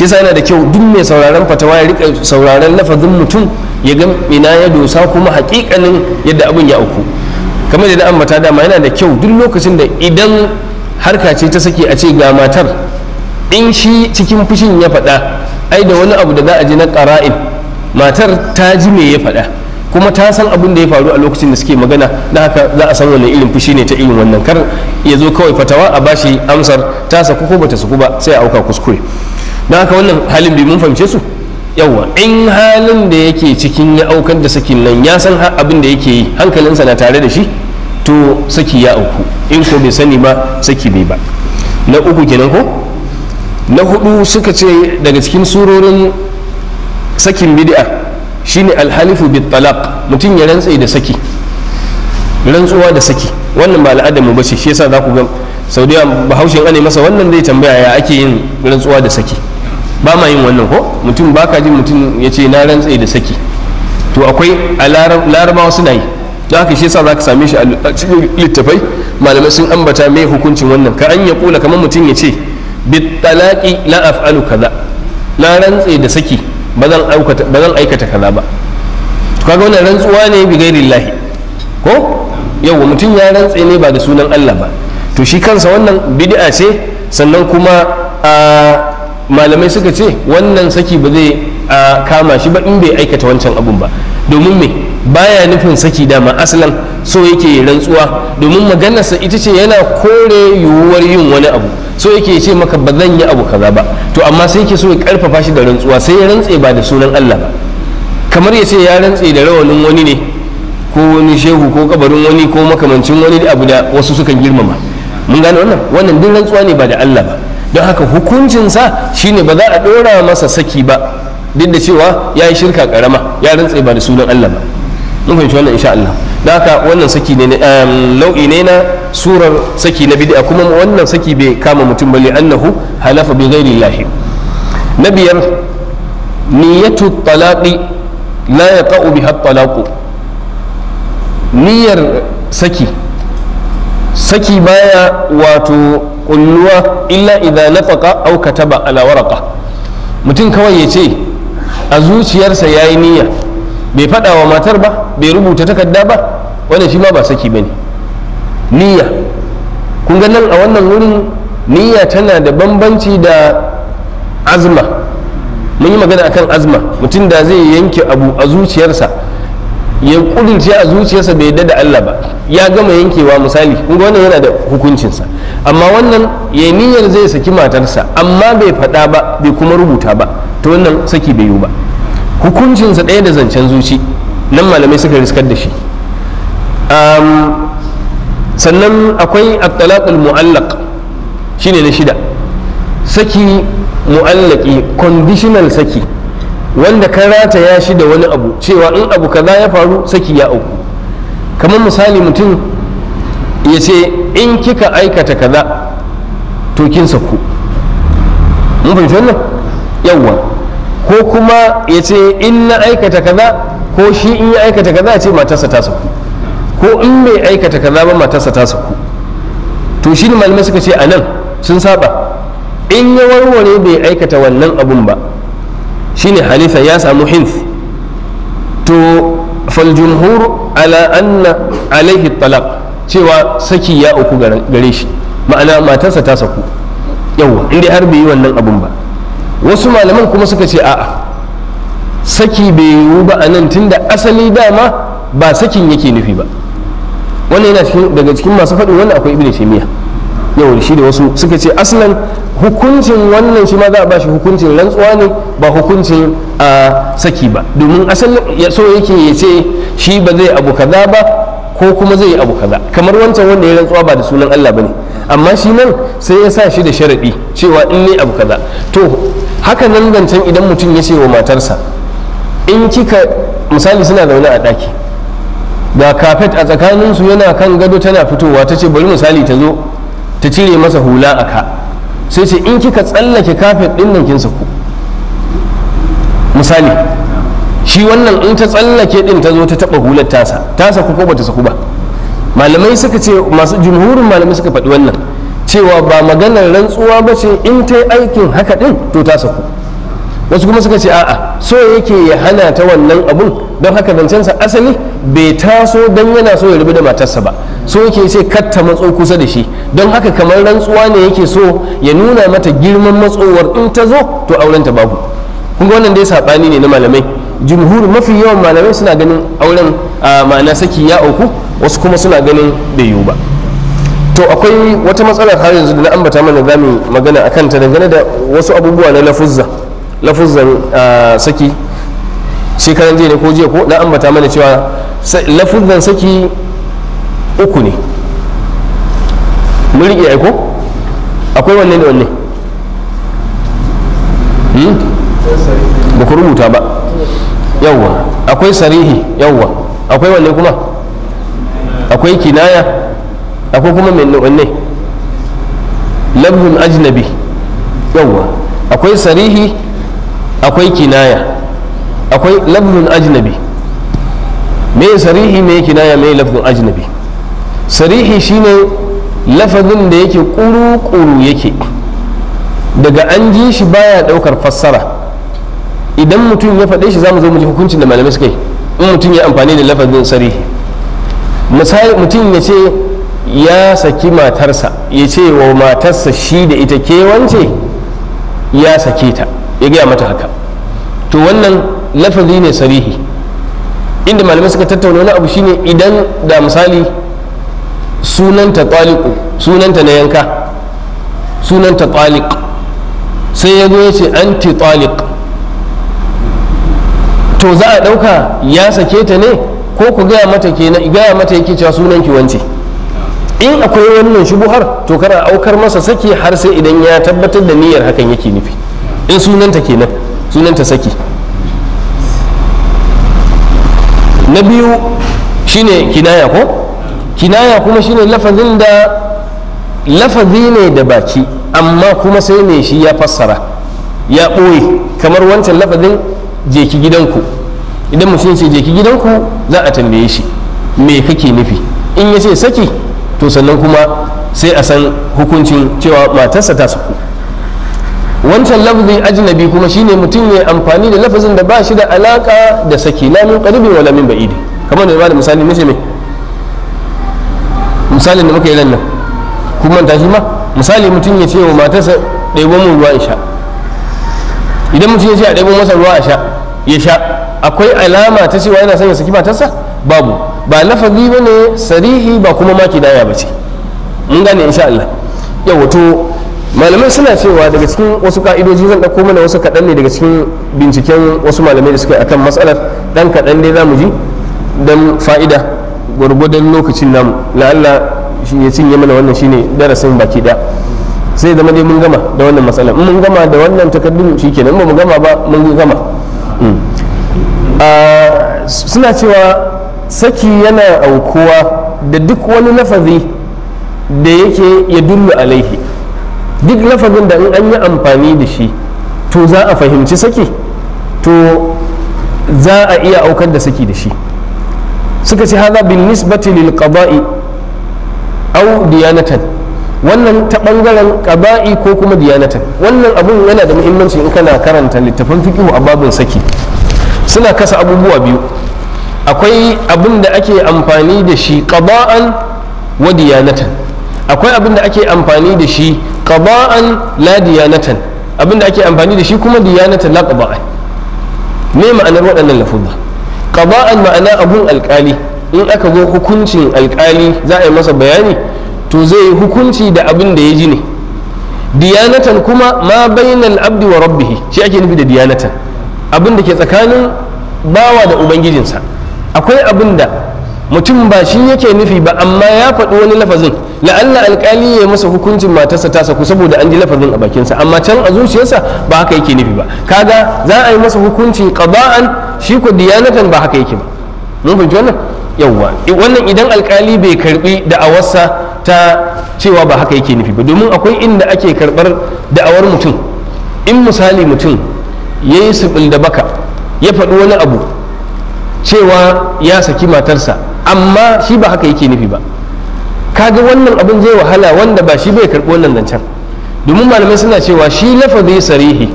shi yasa yana da kyau duk mai sauraron fatawa ya rika sauraron lafazin mutum ya ga ina ya dosa kuma hakikanin yadda abin ya auku kamar da an mata dama yana da kyau duk lokacin da idan harka ce ta saki a ce ga matar in shi cikin fushin ya faɗa ai da wani abu da za a ji na ƙara'in matar ta ji me ya faɗa kuma ta san abin da ya faru a lokacin da suke magana na haka za a san wani irin fushi ne ta irin wannan kar ya zo kawai fatawa a bashi amsar ta saku ko bata suku ba sai a auka kuskure don haka wannan halin bi mun fahimce su yawa in halin da yake cikin ya aukar da sakin nan ya san abin da yake yi hankalinsa na tare da shi to saki ya auku in ko bai sani ba saki bai ba na uku kenan ko na hudu suka ce daga cikin surorin sakin bid'a shine alhalifu bit talaq mutum ya rantse da saki rantsuwa da saki wannan ba al'adar mu bace shi yasa za ku ga sau da bahaushen ane masa wannan zai tambaya ya ake yin rantsuwa da saki ba ma yin wannan ko mutum ba ka ji mutum ya ce na rantse da saki to akwai a larabawa suna yi to haka shi yasa za ka same shi a cikin littafai malamai sun ambata mai hukuncin wannan ka an ya kula kamar mutum ya ce bit talaqi la af'alu kaza na rantse da saki ba zan aikata kaza ba to kaga wannan rantsuwa ne bi ko yau mutum ya rantse ne ba da sunan Allah ba to shi kansa wannan bidi'a ce sannan kuma a malamai suka ce wannan saki ba zai kama shi ba in bai aikata wancan abun ba domin me baya nufin saki dama Asalin so yake rantsuwa domin maganarsa ita ce yana kore yiwuwar yin wani abu so yake ce maka ba zan yi abu kaza ba to amma sai yake so ya karfafa shi da rantsuwa sai ya rantse ba da sunan Allah ba kamar ya ce ya rantse da rawanin wani ne ko wani shehu ko kabarin wani ko makamancin wani abu da wasu sukan girmama mun gane wannan wannan duk rantsuwa ne ba da Allah ba don haka hukuncinsa shine ba za a ɗora masa saki ba duk da cewa ya yi shirka karama ya rantse ba da sunan Allah ba mun fahimci wannan insha Allah don haka wannan saki ne nau'i ne na surar saki na bid'a kuma wannan saki bai kama mutum ba annahu halafa bi ghairi lahi na biyar talaqi la yaqa'u biha talaqu niyyar saki saki baya wato kulluwa illa idza lafaqa aw kataba ala waraqa mutum kawai ya ce a zuciyarsa yayi niyya bai fada wa matar ba bai rubuta takarda ba wannan shi ma ba saki bane niyya kun ga nan a wannan wurin niyya tana da bambanci da azma mun yi magana akan azma mutum da zai yanke abu a zuciyarsa ya kudirce a zuciyarsa bai yadda da Allah ba ya gama yankewa misali kun wannan yana da hukuncinsa amma wannan ya niyyar zai saki matarsa amma bai faɗa ba bai kuma rubuta ba to wannan saki bai yiwu ba hukuncinsa ɗaya da zancen zuci nan malamai suka riskar da shi sannan akwai at-talaqul mu'allaq shine na shida saki mu'allaki conditional saki wanda ka ya shi da wani abu cewa in abu kaza ya faru saki ya auku kamar misali mutum ya ce in kika aikata kaza to kin saku mun fahimta wannan yawwa ko kuma ya ce in na aikata kaza ko shi in ya aikata kaza ce matarsa ta saku ko in bai aikata kaza ba matarsa ta saku to shi ne malamai suka ce a nan sun saba in ya warware bai aikata wannan abun ba shine halifa ya samu hinf to faljumhur jumhur ala anna alaihi talaq cewa saki ya uku gare shi ma'ana matarsa ta saku yawa inda har bai yi wannan abun ba wasu malaman kuma suka ce a'a saki bai yiwu ba a nan tunda asali dama ba sakin yake nufi ba wannan yana daga cikin masu faɗin wannan akwai ibn taymiyyah yau shi da wasu suka ce asalin hukuncin wannan shi ma za a ba shi hukuncin rantsuwa ne ba hukuncin a saki ba domin asalin ya so yake ya ce shi ba zai abu kaza ba ko kuma zai abu kaza kamar wancan wanda ya rantsuwa ba da sunan Allah ba ne amma shi nan sai ya sa shi da sharadi cewa in ne abu kaza to haka nan zancen idan mutum ya ce wa matarsa in kika misali suna zaune a ɗaki ga kafet a tsakaninsu yana kan gado tana fitowa ta ce bari misali ta zo ta cire masa hula a ka sai ce in kika tsallake kafet ɗin nan kin saku misali shi wannan in ta tsallake din ta zo ta taba hular tasa ta saku ko bata saku ba malamai suka ce masu jumhurin malamai suka faɗi wannan cewa ba maganar rantsuwa ba ce in ta yi aikin haka din to ta saku wasu kuma suka ce a'a so yake ya hana ta wannan abun don haka zancensa asali bai taso don yana so ya rubu da matarsa ba so yake sai katta matso kusa da shi don haka kamar rantsuwa ne yake so ya nuna mata girman matsowar in ta zo to auren ta babu kun ga wannan dai sabani ne na malamai jumhur mafi yawan malamai suna ganin auren ma'ana saki ya auku wasu kuma suna ganin bai yiwu ba to akwai wata matsalar har yanzu da na ambata mana zamu magana akan ta dangane da wasu abubuwa na lafuzza lafuzzan saki shekaran jiya ne ko jiya ko na ambata mana cewa lafuzzan saki uku ne mun riƙe aiko akwai wanne da wanne hmm? ba ku rubuta ba yawwa akwai sarihi yawwa akwai wanne kuma akwai kinaya akwai kuma mai wanne lafzun ajnabi yawwa akwai sarihi akwai kinaya akwai lafzun ajnabi me sarihi me kinaya me lafzun ajnabi sarihi shine lafazin da yake kuru-kuru yake daga an ji shi baya ɗaukar fassara idan mutum ya faɗe shi za mu zo mu ji hukuncin da malamai suka yi in mutum ya amfani da lafazin sarihi misali mutum ya ce ya saki matarsa ya ce wa matarsa shi da ita ke yawance ya sake ta ya gaya mata haka to wannan lafazi ne sarihi inda malamai suka tattauna wani abu shine idan da misali sunanta taliku sunanta na yanka sunanta talik sai ya ya ce anti talik to za a ɗauka ya sake ta ne ko ku gaya mata ke gaya mata yake cewa sunan ki wance in akwai wannan shubuhar to kana aukar masa saki har sai idan ya tabbatar da niyyar hakan yake nufi in sunanta kenan sunanta saki na biyu shine kinaya ko kinaya kuma shine lafazin da lafazi ne da baki amma kuma sai ne shi ya fassara ya ɓoye kamar wancan lafazin jeki gidanku idan mutum ce jeki gidanku za a tambaye shi me kake nufi in ya ce saki to sannan kuma sai a san hukuncin cewa matarsa ta suku wancan lafazin ajnabi kuma shine mutum ya amfani da lafazin da ba shi da alaka da saki na min qaribin wala min ba'idi kamar da ba da misali mace mai misalin da muka yi nan kun manta shi ma misali mutum ya ce wa matarsa ɗebo mun ruwa ya sha idan mutum ya ce a ɗebo masa ruwa a sha ya sha akwai alama ta cewa yana son ya saki matarsa babu ba lafazi ba ne sarihi ba kuma ma daya ba ce mun gane insha Allah ya wato malamai suna cewa daga cikin wasu ka'idoji zan ɗauko mana wasu kaɗan ne daga cikin binciken wasu malamai da suka akan matsalar ɗan kaɗan dai za mu ji don fa'ida gwargwadon lokacin namu la'alla shi ya cinye mana wannan shine darasin baki da sai zama dai mun gama da wannan matsala mun gama da wannan takardun kenan ba mu gama ba mun gama hmm. ah, suna cewa saki yana aukuwa da duk wani lafazi da yake ya dullu alaihi duk lafazin da in an yi amfani da shi to za a fahimci saki to za a iya aukar da saki da shi suka ce haza bin nisbati lil qada'i aw diyanatan wannan ta bangaren qada'i ko kuma diyanatan wannan abun yana da muhimmanci in kana karanta littafan fiqh a babin saki suna kasa abubuwa biyu akwai abin da ake amfani da shi qada'an wa diyanatan akwai abin da ake amfani da shi qada'an la diyanatan abin da ake amfani da shi kuma diyanatan la qada'an me ma'anar waɗannan lafuzza qada'an ma'ana abun alkali in aka zo hukuncin alkali za a yi masa bayani to zai yi hukunci da abin da ya ji ne diyanatan kuma ma bainal abdi wa rabbihi shi ake nufi da diyanatan abin da ke tsakanin bawa da ubangijinsa akwai abin da mutum ba shi yake nufi ba amma ya faɗi wani lafazin la'alla alƙali ya masa hukuncin matarsa ta saku saboda an ji lafazin a bakinsa amma can a zuciyarsa ba haka yake nufi ba kaga za a yi masa hukunci qada'an shi ko diyanatan ba haka yake ba mun fahimci wannan yawwa wannan idan alƙali bai karbi da'awarsa ta cewa ba haka yake nufi ba domin akwai inda ake karbar da'awar mutum in misali mutum yayi yi da baka ya faɗi wani abu cewa ya saki matarsa amma shi ba haka yake nufi ba kaga wannan abin zai wahala wanda ba shi bai karɓi wannan zancen domin malamai suna cewa shi lafazi sarihi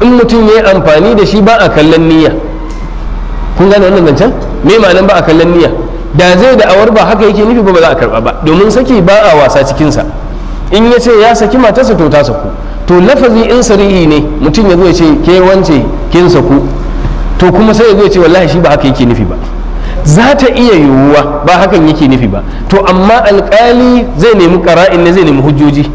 in mutum ya yi amfani da shi ba a kallon niyya kun gane wannan zancen me ma'anan ba a kallon niyya da zai da awar ba haka yake nufi ba ba za a karɓa ba domin saki ba a wasa cikinsa in ya ce ya saki matarsa to ta saku to lafazi in sarihi ne mutum ya zo ya ce ke wance kin saku to kuma sai ya ce wallahi shi ba haka yake nufi ba za ta iya yiwuwa ba hakan yake nufi ba to amma alkali zai nemi ƙara'in ne zai nemi hujjoji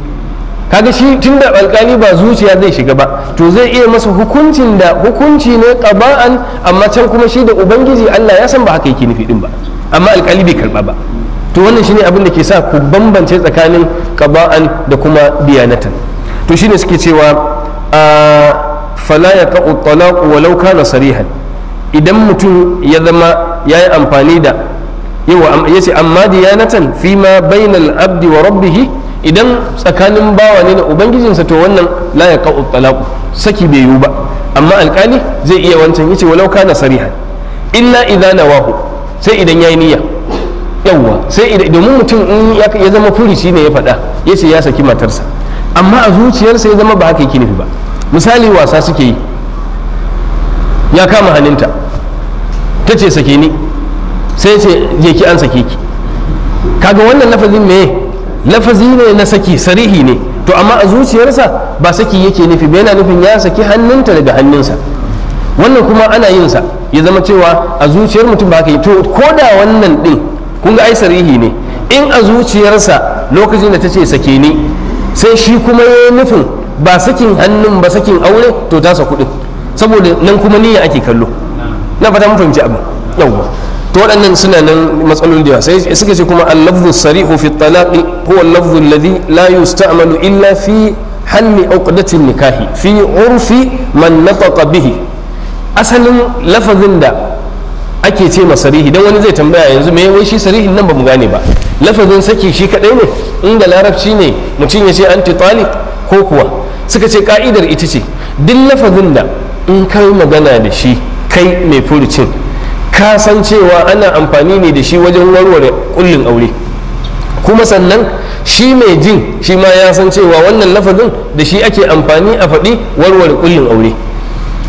kaga shi tun da alkali ba zuciya zai shiga ba to zai iya masa hukuncin da hukunci ne ƙaba'an amma can kuma shi da ubangiji Allah ya san ba haka yake nufi din ba amma alkali bai karba ba to wannan shine abin da ke sa ku bambance tsakanin ƙaba'an da kuma biyanatan to shine suke cewa a ah, fala ya ka'u talaqu walau kana sarihan idan mutum ya zama ya yi amfani da yawa ya ce amma diyanatan fi ma bainal abdi wa rabbihi idan tsakanin bawa ne na ubangijinsa to wannan la ya ka'u talaqu saki bai yiwu ba amma alkali zai iya wancan yace walau kana sarihan illa idza nawahu sai idan ya yi niyya yawa sai idan domin mutum ya zama furici ne ya faɗa yace ya saki matarsa amma a zuciyarsa ya zama ba haka yake nufi ba misali wasa suke yi ya kama hannunta ta ce sake ni sai ce je ki an sake ki kaga wannan lafazin me lafazi ne na saki sarihi ne to amma a zuciyarsa ba saki yake nufi ba yana nufin ya saki hannunta daga hannunsa wannan kuma ana yin sa ya zama cewa a zuciyar mutum ba ka yi to ko da wannan din kun ga ai sarihi ne in a zuciyarsa lokacin da ta ce sake ni sai shi kuma ya yi nufin ba sakin hannun ba sakin aure to tasa kuɗin saboda nan kuma niyya ake kallo na fata mun fahimci abin yawwa to waɗannan suna nan matsaloli da sai suka ce kuma al-lafzu sarihu fi talaqi huwa al-lafzu alladhi la yusta'malu illa fi halli uqdati nikahi fi urfi man nataqa bihi asalin lafazin da ake ce ma sarihi dan wani zai tambaya yanzu me wai shi sarihin nan ba mu gane ba lafazin saki shi kadai ne inda larabci ne mutum ya ce anti taliq ko kuwa suka ce ka'idar ita ce duk lafazin da in kai magana da shi kai mai furucin ka san cewa ana amfani ne da shi wajen warware kullin aure kuma sannan shi mai jin shi ma ya san cewa wannan lafazin da shi ake amfani a faɗi warware kullin aure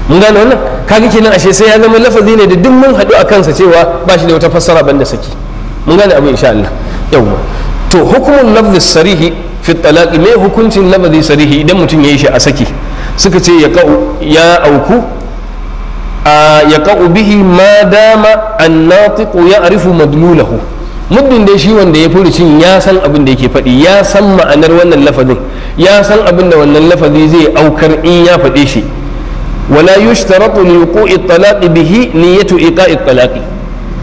mun gane wannan kaga kenan ashe sai ya zama lafazi ne da duk mun haɗu a kansa cewa ba shi da wata fassara banda saki mun gane abu insha Allah yawwa to hukumun lafzis sarihi fi mai hukuncin lafazi sarihi idan mutum ya yi shi a saki suka ce ya ya auku ya ka'u bihi ma dama annatiqu ya arifu madlulahu muddin dai shi wanda ya furucin ya san abin da yake faɗi ya san ma'anar wannan lafazin ya san abin da wannan lafazi zai aukar in ya faɗe shi wala yushtaratu li wuqu'i talaqi bihi niyyatu iqa'i talaqi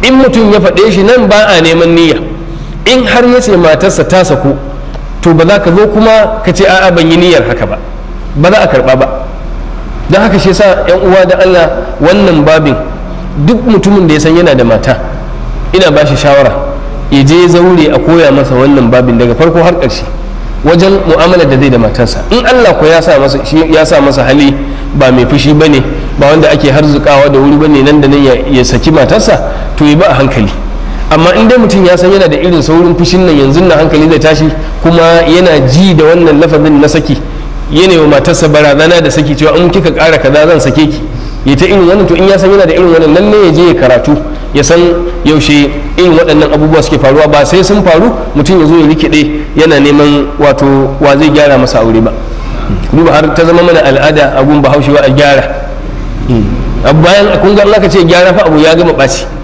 in mutum ya faɗe shi nan ba a neman niyya in har ya ce matarsa ta saku to ba za ka zo kuma ka ce a'a ban yi niyyar haka ba ba za a karba ba don haka shi sa yan uwa da Allah wannan babin duk mutumin da ya san yana da mata ina ba shi shawara ya je zaure a koya masa wannan babin daga farko har ƙarshe wajen mu'amala da zai da matarsa in Allah ko ya sa masa hali ba mai fushi ba ne ba wanda ake harzukawa da wuri ba ne nan da nan ya saki matarsa to yi ba a hankali amma in dai mutum ya san yana da irin saurin fushin nan yanzu na hankali zai tashi kuma yana ji da wannan lafazin na saki yana wa matarsa barazana da saki cewa in kika kara kaza zan sake ki ya ta irin wannan to in ya san yana da irin wannan lalle ya je ya karatu ya san yaushe irin waɗannan abubuwa suke faruwa ba sai sun faru mutum ya zo ya rikide yana neman wato wa zai gyara masa aure ba duba har ta zama mana al'ada a gun bahaushe wa a gyara hmm. bayan kun ga Allah ka ce gyara fa abu ya gama ɓaci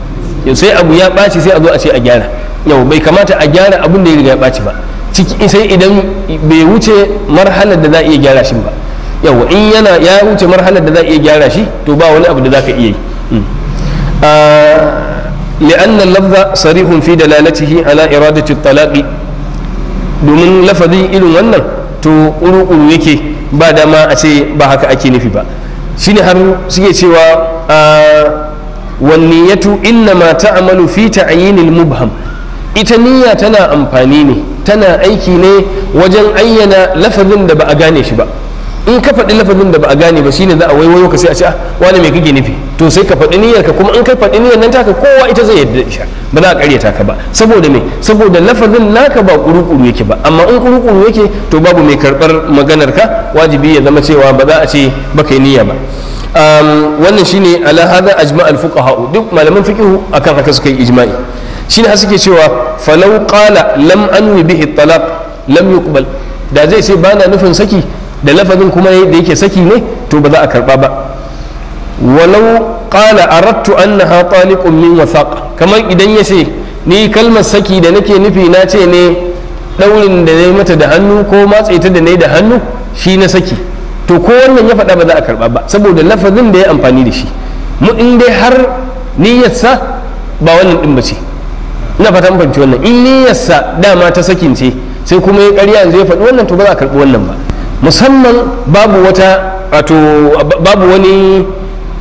sai abu ya ɓaci sai a zo a ce a gyara yau bai kamata a gyara abun da ya riga ya ɓaci ba ciki sai idan bai wuce marhalar da za a iya gyara shi ba yau in yana ya wuce marhalar da za a iya gyara shi to ba wani abu da za ka iya yi لأن اللفظ صريح في دلالته على إرادة الطلاق domin lafazin irin wannan to ƙuruƙuru yake ba dama a ce ba haka ake nufi ba shine har suke cewa ah, wan niyyatu innama ta'malu fi ta'yinil mubham ita niyya tana amfani ne tana aiki ne wajen ayyana lafazin da ba a gane shi ba in ka faɗi lafazin da ba a gane ba shine za a waiwayo ka sai a ce ah, wani mai kake nufi to sai ka faɗi niyyar ka kuma in ka faɗi niyyar nan taka kowa ita zai yarda isha ba za a ƙaryata ka ba saboda me saboda lafazin naka ba kurukuru yake ba amma in kurukuru yake to babu mai karɓar maganar ka wajibi ya zama cewa ba za a ce baka yi niyya ba Um, wannan shine ala hada ajma al fuqaha duk malaman fiqhu akan haka suka yi ijma'i shine har suke cewa falau qala lam anwi bihi talaq lam yuqbal da zai ba bana nufin saki da lafazin kuma da yake saki ne to ba za a karba ba walau qala aradtu annaha taliqun min wasaq kamar idan ya ce ni kalmar saki da nake nufi na ce ne daurin da nayi mata da hannu ko matse ta da nayi da hannu shi na saki to ko wannan ya faɗa ba za a karɓa ba saboda lafazin da ya amfani da shi mu in dai har niyyarsa ba wannan ɗin ba ce ina fata mun wannan in niyyarsa dama ta sakin ce sai kuma ya ƙarya yanzu ya faɗi wannan to ba za a karɓi wannan ba musamman babu wata wato babu wani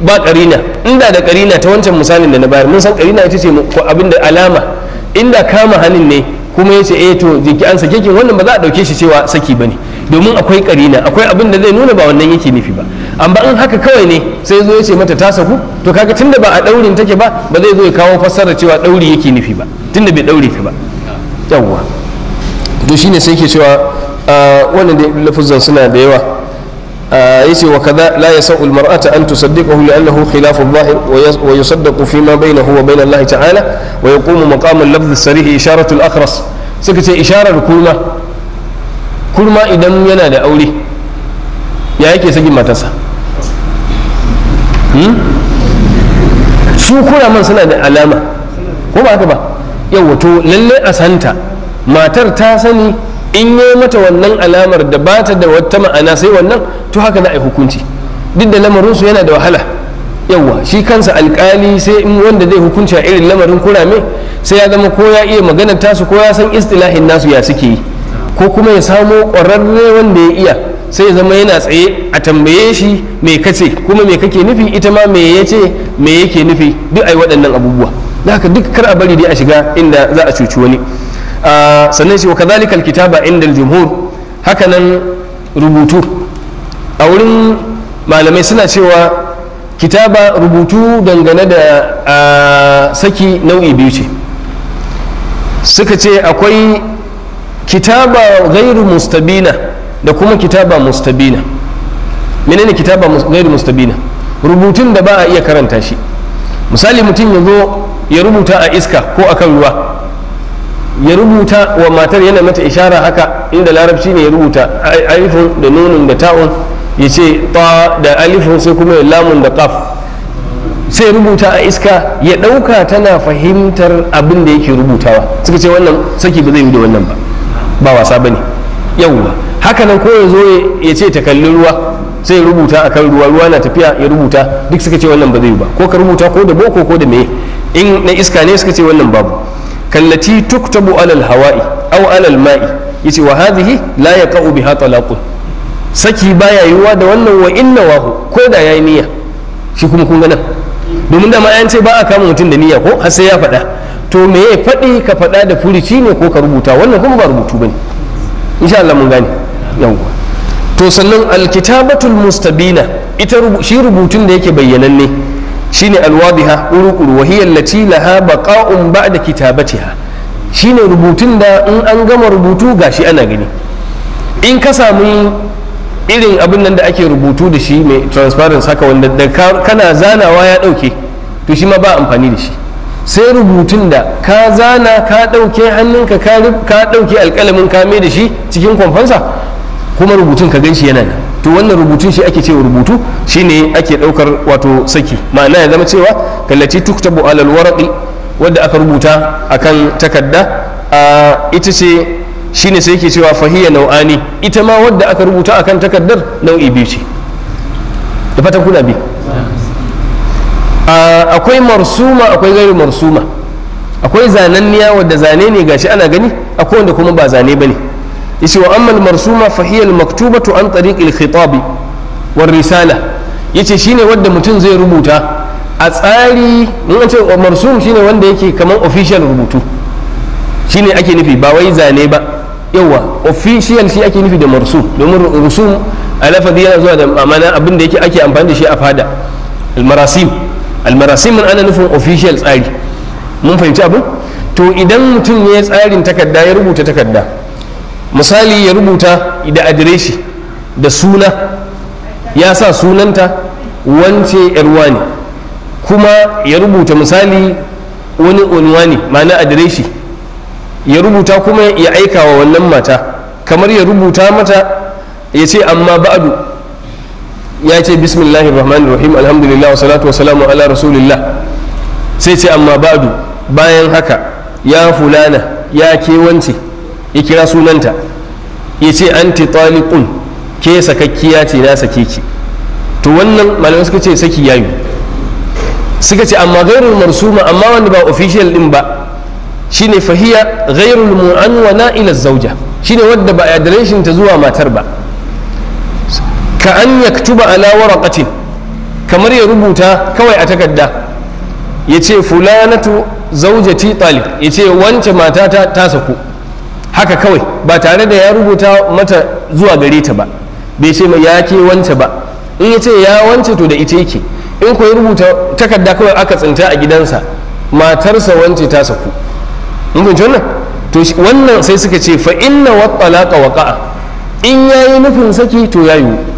ba ƙarina inda da ƙarina ta wancan misalin da na bayar mun san ƙarina ita ce abin da alama inda kama hannun ne kuma ya ce eh to jiki an sake kin wannan ba za a ɗauke shi cewa saki ba ne domin akwai karina akwai abin da zai nuna ba wannan yake nufi ba amma in haka kawai ne sai zo ya ce mata ta saku to kaga tunda ba a daurin take ba ba zai zo ya kawo fassara cewa dauri yake nufi ba tunda bai daure ta ba yawwa to shine sai ke cewa ah, wannan da lafuzan suna da yawa ah, yace wa kaza la yasau almar'ata an tusaddiqahu li'annahu khilafu adh-dhahir wa yusaddaqu fima bainahu wa bain Allah ta'ala wa yaqumu maqam al-lafdh as-sarih isharatu al-akhras suka ce isharar kuma kurma idan yana da aure ya yake sagin matasa hmm? su kuraman suna da alama ko ba haka ba yau to lallai a santa matar ta sani in yi mata wannan alamar da ba ta da wata ma'ana sai wannan to haka na a yi hukunci duk da lamarinsu yana da wahala yauwa shi kansa alkali sai in wanda zai hukunci a irin lamarin kurame sai ya zama ko ya iya magana tasu ko ya san istilahin nasu ya suke yi ko kuma ya samo ƙwararre wanda ya iya sai ya zama yana tsaye a tambaye shi me kace kuma me kake nufi ita ma me ya ce me yake nufi duk ai waɗannan abubuwa da haka duk kar a bari dai a shiga inda za a cuci wani ah, sannan shi wa kazalikal kitaba inda jumhur hakanan rubutu a wurin malamai suna cewa kitaba rubutu dangane da ah, saki nau'i biyu ce suka ce akwai kitaba gairu mustabina da kuma kitaba mustabina menene kitaba gairu mustabina rubutun da ba a iya karanta shi misali mutum ya zo ya rubuta a iska ko a kan ruwa ya rubuta wa matar yana mata ishara haka inda larabci ne ya rubuta alifun da nunin da ta'un ya ce ta da alifin sai kuma ya lamun da kaf sai rubuta a iska ya ɗauka tana fahimtar abin da yake rubutawa suka ce wannan saki ba zai yi da wannan ba ba wasa bane ne haka nan ko ya ya ce ta kalli ruwa sai rubuta rubuta akan ruwa ruwa na tafiya ya rubuta duk suka ce wannan ba zai yi ba ko ka rubuta ko da boko ko da me in na iska ne suka ce wannan babu kallati tuktabu alal hawa'i aw alal ma'i yace wa hadhihi la yaqa'u biha talaqun saki baya yiwuwa da wannan wa inna wahu ko da yayi niyya shi kuma kun ga nan domin da ma an ce ba a kama mutum da niyya ko har sai ya faɗa to me ya faɗi ka faɗa da furici ne ko ka rubuta wannan kuma ba rubutu ba ne insha Allah mun gane yawwa to sannan alkitabatul mustabina ita shi rubutun da yake bayyananne shine alwadiha quru wa hiya allati laha baqa'un ba'da kitabatiha shine rubutun da in an gama rubutu gashi ana gani in ka samu irin abin nan da ake rubutu da shi mai transparent haka wanda kana zanawa ya dauke to shi ma ba amfani da shi sai rubutun da ka zana ka ɗauke hannunka ka ɗauke alƙalamin ka da shi cikin kwamfansa kuma rubutun ka ganshi yana nan to wannan rubutun shi ake cewa rubutu shine ake ɗaukar wato saki ma'ana ya zama cewa kallaci tuktabu alal waraqi wadda aka rubuta akan takarda a ita ce shine sai yake cewa fahiya nau'ani ita ma wadda aka rubuta akan takardar nau'i biyu ce da fatan kuna biyu Ah, akwai marsuma akwai gari marsuma akwai zananniya wadda zane ne gashi ana gani akwai wanda kuma ba zane bane yace wa marsuma fa hiya al maktubatu an tariq al war risala yace shine wanda mutum zai rubuta a tsari mun an ce marsum shine wanda yake kamar official rubutu shine ake nufi ba wai zane ba yawa official shi ake nufi da marsum domin rusum a lafazi yana zuwa da ma'ana abin da yake ake amfani da shi a fada al marasim almarasimin ana nufin official tsari mun fahimci abu. to idan mutum ya tsarin takarda ya rubuta takarda misali ya rubuta da adireshi da suna ya sa sunanta wance yarwa ne kuma ya rubuta misali wani unwani ma'ana adireshi ya rubuta kuma ya aika wa wannan mata kamar ya rubuta mata ya ce amma ba'adu ya ce bismillahir rahmanir rahim alhamdulillah wa salatu wa salamu ala rasulillah sai ce amma badu bayan haka ya fulana ya kewance ya kira sunanta ya ce anti taliqun ke sakakkiya ce na sake ki to wannan malamai suka ce saki yayu suka ce amma gairul marsuma amma wanda ba official din ba shine fahiya gairul mu'anwana ila zauja shine wadda ba adireshin ta zuwa matar ba ka an yaktuba ala waraqatin kamar ya rubuta kawai a takarda ya ce fulanatu zaujati talib ya ce wance matata ta saku haka kawai ba tare da ya rubuta mata zuwa gare ta ba bai ce mai ya ke wance ba in ya ce ya wance to da ita yake in ya rubuta takarda kawai aka tsinta a gidansa matarsa wance ta saku in kun wannan to wannan sai suka ce fa inna wa talaqa waqa'a in yayi nufin saki to ya yiwu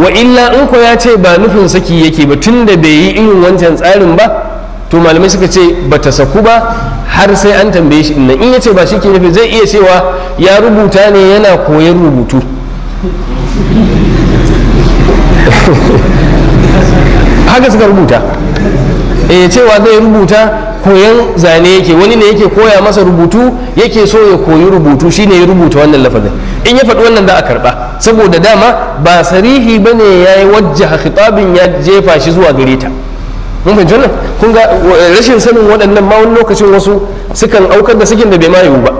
wa illa in ko ya ce ba nufin saki yake ba tun da bai yi irin wancan tsarin ba to malamai suka ce ba ta saku ba har sai an tambaye shi inna in ya ce ba shi ke nufi zai iya cewa ya rubuta ne yana koyar rubutu haka suka rubuta ya eh, cewa zai rubuta koyan zane yake wani ne yake koya masa rubutu yake so ya koyi rubutu shine ya rubuta wannan lafazin in ya faɗi wannan za a karɓa saboda dama ba sarihi ba ne ya yi wajjaha khitabin ya jefa shi zuwa gare ta mun fahimci wannan kun ga rashin sanin waɗannan ma wani lokacin wasu sukan aukar da sakin da bai ma yiwu ba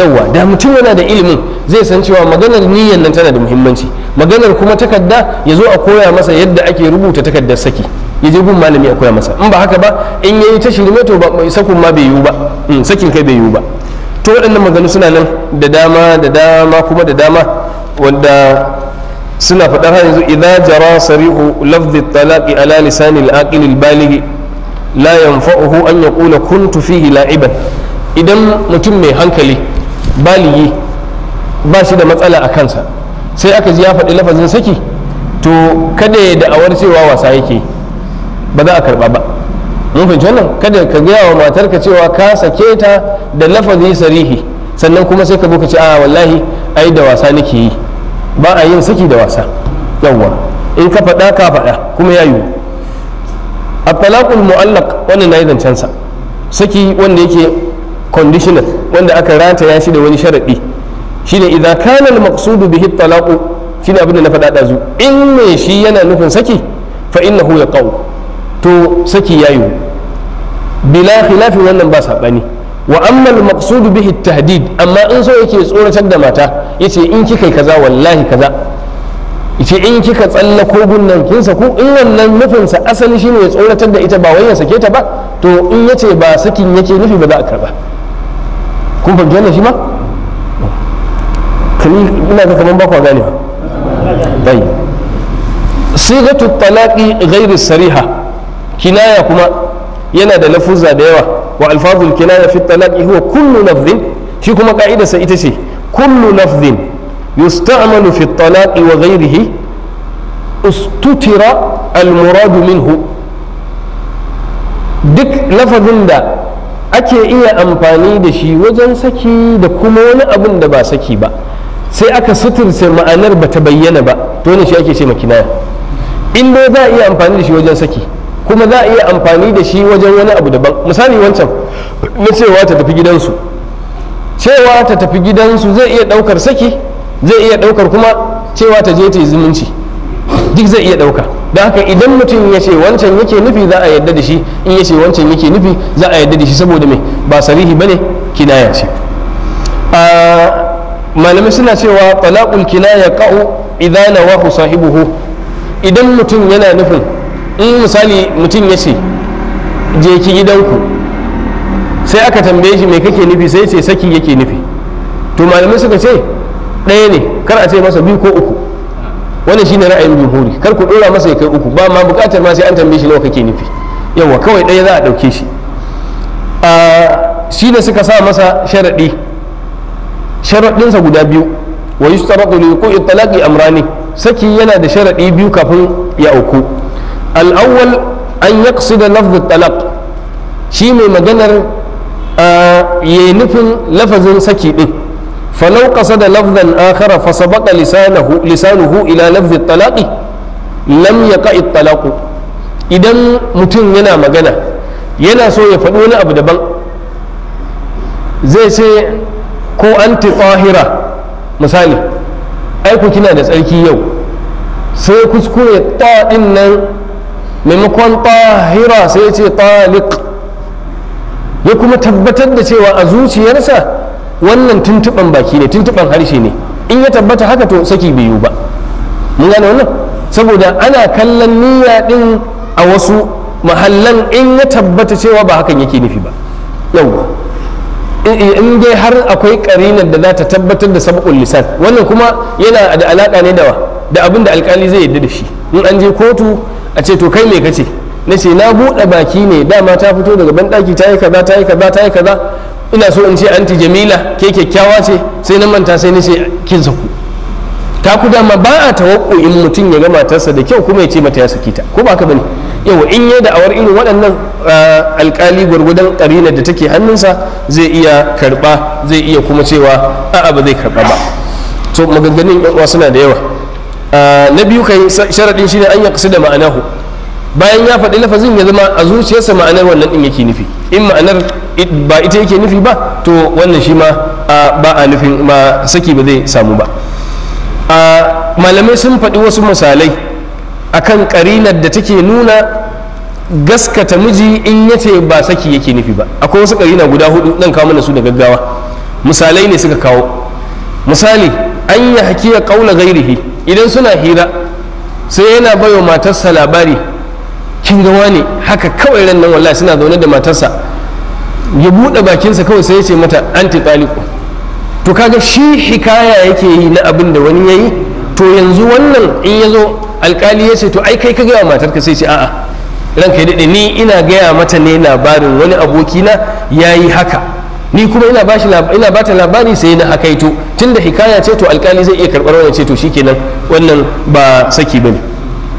yawwa da mutum yana da ilimin zai san cewa maganar niyyar nan tana da muhimmanci maganar kuma takarda ya zo a koya masa yadda ake rubuta takardar saki ya je gun malami a koya masa in ba haka ba in yayi ta shirme to ba sakun ma bai yiwu ba mm, sakin kai bai yiwu ba to waɗannan maganu suna nan da dama da dama kuma da dama wanda suna faɗar har yanzu idan jara sari'u lafzi talaqi ala lisanil aqil baligi, la yanfa'uhu an yaqula kuntu fihi la'iban idan mutum mai hankali baligi ba shi da matsala a kansa sai aka ji ya faɗi lafazin saki to kada ya da'awar cewa wasa yake ba za a karba ba mun fahimci wannan kada ka gaya wa matarka cewa ka sake ta da lafazi sarihi sannan kuma sai ka buka ce a wallahi ai da wasa nake yi ba a yin saki da wasa yawwa in ka faɗa ka faɗa kuma ya a attalaqul mu'allaq wannan na yi zancensa saki wanda yake conditional wanda aka rataya shi da wani sharaɗi shi ne idan kanal maqsudu bihi talaku shi ne abin da na faɗa ɗazu in me shi yana nufin saki fa ya yaqau to saki ya yiwu bila khilafin wannan ba saɓani wa amma maksudu bihi tahdid amma in so yake tsoratar da mata yace in kika yi kaza wallahi kaza yace in kika tsalla ko gunnan kin saku in wannan nufin sa asali shine ya tsoratar da ita ba wai ya sake ta ba to in yace ba sakin yake nufi ba za a karba kun fahimci wannan shi ma kani ina ga kaman ba ku gane ba bai sigatu talaqi ghairi sariha kinaya kuma yana da lafuzza da yawa wa alfazul kinaya fi talaqi huwa kullu lafzin shi kuma ka'idarsa ita ce كل لفظ يستعمل في الطلاق وغيره استتر المراد منه duk lafazin da ake iya amfani da shi wajen saki da kuma wani abun da ba saki ba sai aka suturce ma'anar ba ta bayyana ba to ne shi ake ce makinaya in dai za a iya amfani da shi wajen saki kuma za a iya amfani da shi wajen wani abu daban misali wancan na cewa ta tafi gidansu cewa ta tafi gidansu zai iya ɗaukar saki zai iya ɗaukar kuma cewa ta je ta yi zumunci duk zai iya ɗauka don haka idan mutum ya ce wancan yake nufi za a yadda da shi in ya ce wancan yake nufi za a yadda da shi saboda mai ba sarihi bane kinaya ce malamai suna cewa talaqul kinaya qa'u idan nawahu sahibuhu idan mutum yana nufin in misali mutum ya ce je ki gidanku sai aka tambaye shi me kake nufi sai ce saki yake nufi to malamai suka ce ɗaya ne kar a ce masa biyu ko uku wannan shine ra'ayin jumhuri kar ku dora masa ya kai uku ba ma bukatar ma sai an tambaye shi nawa kake nufi yawa kawai ɗaya za a ɗauke shi shi ne suka sa masa sharaɗi sharaɗinsa guda biyu wa yustaratu li yuqi talaqi amrani saki yana da sharaɗi biyu kafin ya auku al-awwal an yaqsida lafz talaq shi mai maganar ya nufin lafazin saki din falau kasa da lafzan akhara fa sabaqa lisanuhu ila lafzi talaqi lam yaqi talaqu idan mutum yana magana yana so ya faɗi wani abu daban zai ce ko anti tahira misali aiku kina da tsarki yau sai kuskure ta din nan maimakon tahira sai ce taliq ya kuma tabbatar da cewa a zuciyarsa wannan tuntuɓan baki ne tuntuban harshe ne in ya tabbata haka to saki biyu ba mun gane wannan saboda ana kallon niyya din a wasu mahallan in ya tabbata cewa ba hakan yake nufi ba yauwa in dai har akwai karinar da za ta tabbatar da sabuƙin lisan wannan kuma yana da alaƙa ne da da abin da alkali zai yadda da shi in an je kotu a ce to kai me kace na ce na buɗe baki ne dama ta fito daga banɗaki ta yi kaza ta yi kaza ta yi kaza ina so in ce anti jamila ke kyakkyawa ce sai na manta sai na ce kin saku ta ku dama ba a tawakku in mutum ya ga matarsa da kyau kuma ya ce mata ya saki ta ko ba ka bane yau in yi awar irin waɗannan ah, alƙali gwargwadon ƙarinar da take hannunsa zai iya karɓa zai iya kuma cewa a'a ba zai karɓa ba to maganganun yan suna da yawa ah, na biyu kai sharaɗin shine an ya da ma'anahu bayan ya faɗi lafazin ya zama a zuciyarsa ma'anar wannan ɗin yake nufi in ma'anar ba ita yake nufi ba to wannan shi ma ba a nufin ma saki ba zai samu ba malamai sun faɗi wasu misalai akan ƙarinar da take nuna gaskata miji in yace ba saki yake nufi ba akwai wasu ƙarina guda hudu nan kawo mana su da gaggawa misalai ne suka kawo misali an yi hakiya ƙaula gairihi idan suna hira sai yana baiwa matarsa labari kin ga wani haka kawai ran nan wallahi suna zaune da matarsa ya buɗe bakinsa kawai sai ya ce mata anti taliku to kaga shi hikaya yake yi na abin da wani yayi to yanzu wannan in ya zo alkali ya ce to ai kai ka gaya matarka sai ce a'a ranka daɗe ni ina gaya mata ne labarin wani abokina ya yi haka ni kuma ina bashi ina bata labari sai na akaito tunda hikaya ce to alkali zai iya karɓar wannan ce to shikenan wannan ba saki bane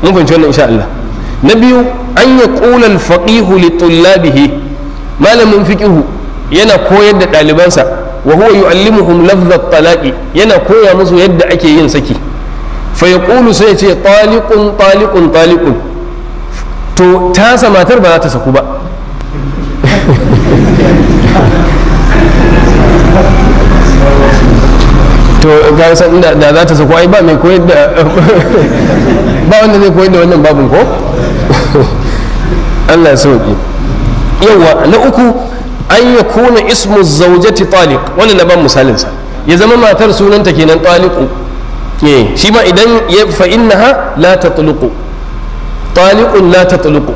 mun fahimci wannan insha Allah na biyu an ya ƙulan faƙihu li tullabihi malamin fiƙihu yana koyar da ɗalibansa wa huwa yu'allimuhum lafzat talaqi yana koya musu yadda ake yin saki fa yaqulu sai ce taliqun taliqun taliqun to ta matar ba za ta saku ba to ga san da za ta saku ai ba mai koyar da ba wanda zai koyar da wannan babin ko Allah sauki yawa na uku an ya kuna ismu zaujati taliq wannan na ban misalinsa ya zama matar sunanta kenan taliqu eh shi ma idan ya fa innaha la tatluqu taliqun la tatluqu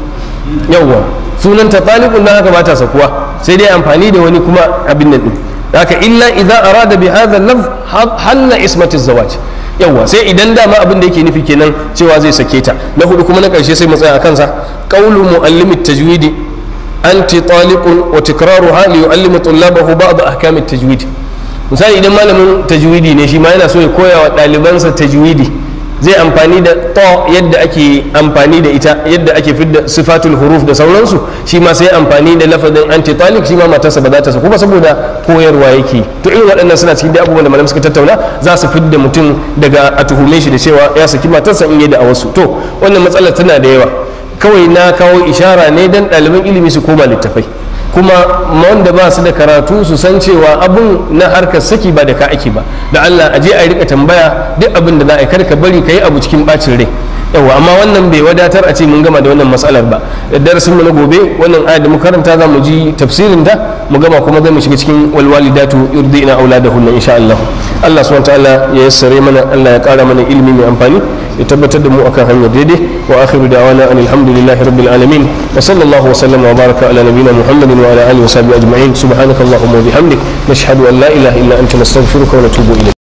yawa sunanta taliqun na haka bata sakuwa sai dai amfani da wani kuma abin nan din haka illa idza arada bi hadha lafz halla ismati zawaj yawwa sai idan dama abin da yake nufi kenan cewa zai sake ta na hudu kuma na karshe sai mu a kansa qawlu muallimi tajwidi anti taliqun wa tikraruha li yuallimu tullabahu ba'd ahkam at-tajwid misali idan malamin tajwidi ne shi ma yana so ya koya wa ɗalibansa tajwidi zai amfani da to yadda ake amfani da ita yadda ake fidda sifatul huruf da sauransu shi ma sai amfani da lafazin antitalik shi ma matarsa ba za ta sa kuma saboda koyarwa yake to irin waɗannan suna cikin da abubuwan da malam suka tattauna za su fidda mutum daga a tuhume shi da cewa ya saki matarsa in yi da wasu to wannan matsalar tana da yawa kawai na kawo ishara ne dan ɗaliban ilimi su koma littafai kuma wanda ba su da karatu su san cewa abun na harkar saki ba da ka ake ba da Allah aje a rika tambaya duk abin da za a karka bari ka yi abu cikin bacin rai yawa amma wannan bai wadatar a ce mun gama da wannan matsalar ba da darasin mu na gobe wannan aya da mu karanta za mu ji tafsirin ta mu gama kuma zai mu shiga cikin walwalidatu yurdina auladahunna insha Allah Allah subhanahu wa ta'ala ya yassare mana Allah ya kara mana ilimi mai amfani ya tabbatar da mu akan hanyar daidai wa akhiru an alhamdulillahi rabbil alamin wa sallallahu wa sallama wa baraka ala nabiyina muhammadin wa ala alihi wa sahbihi ajma'in subhanakallahumma wa bihamdik nashhadu an la ilaha illa anta nastaghfiruka wa natubu ilayk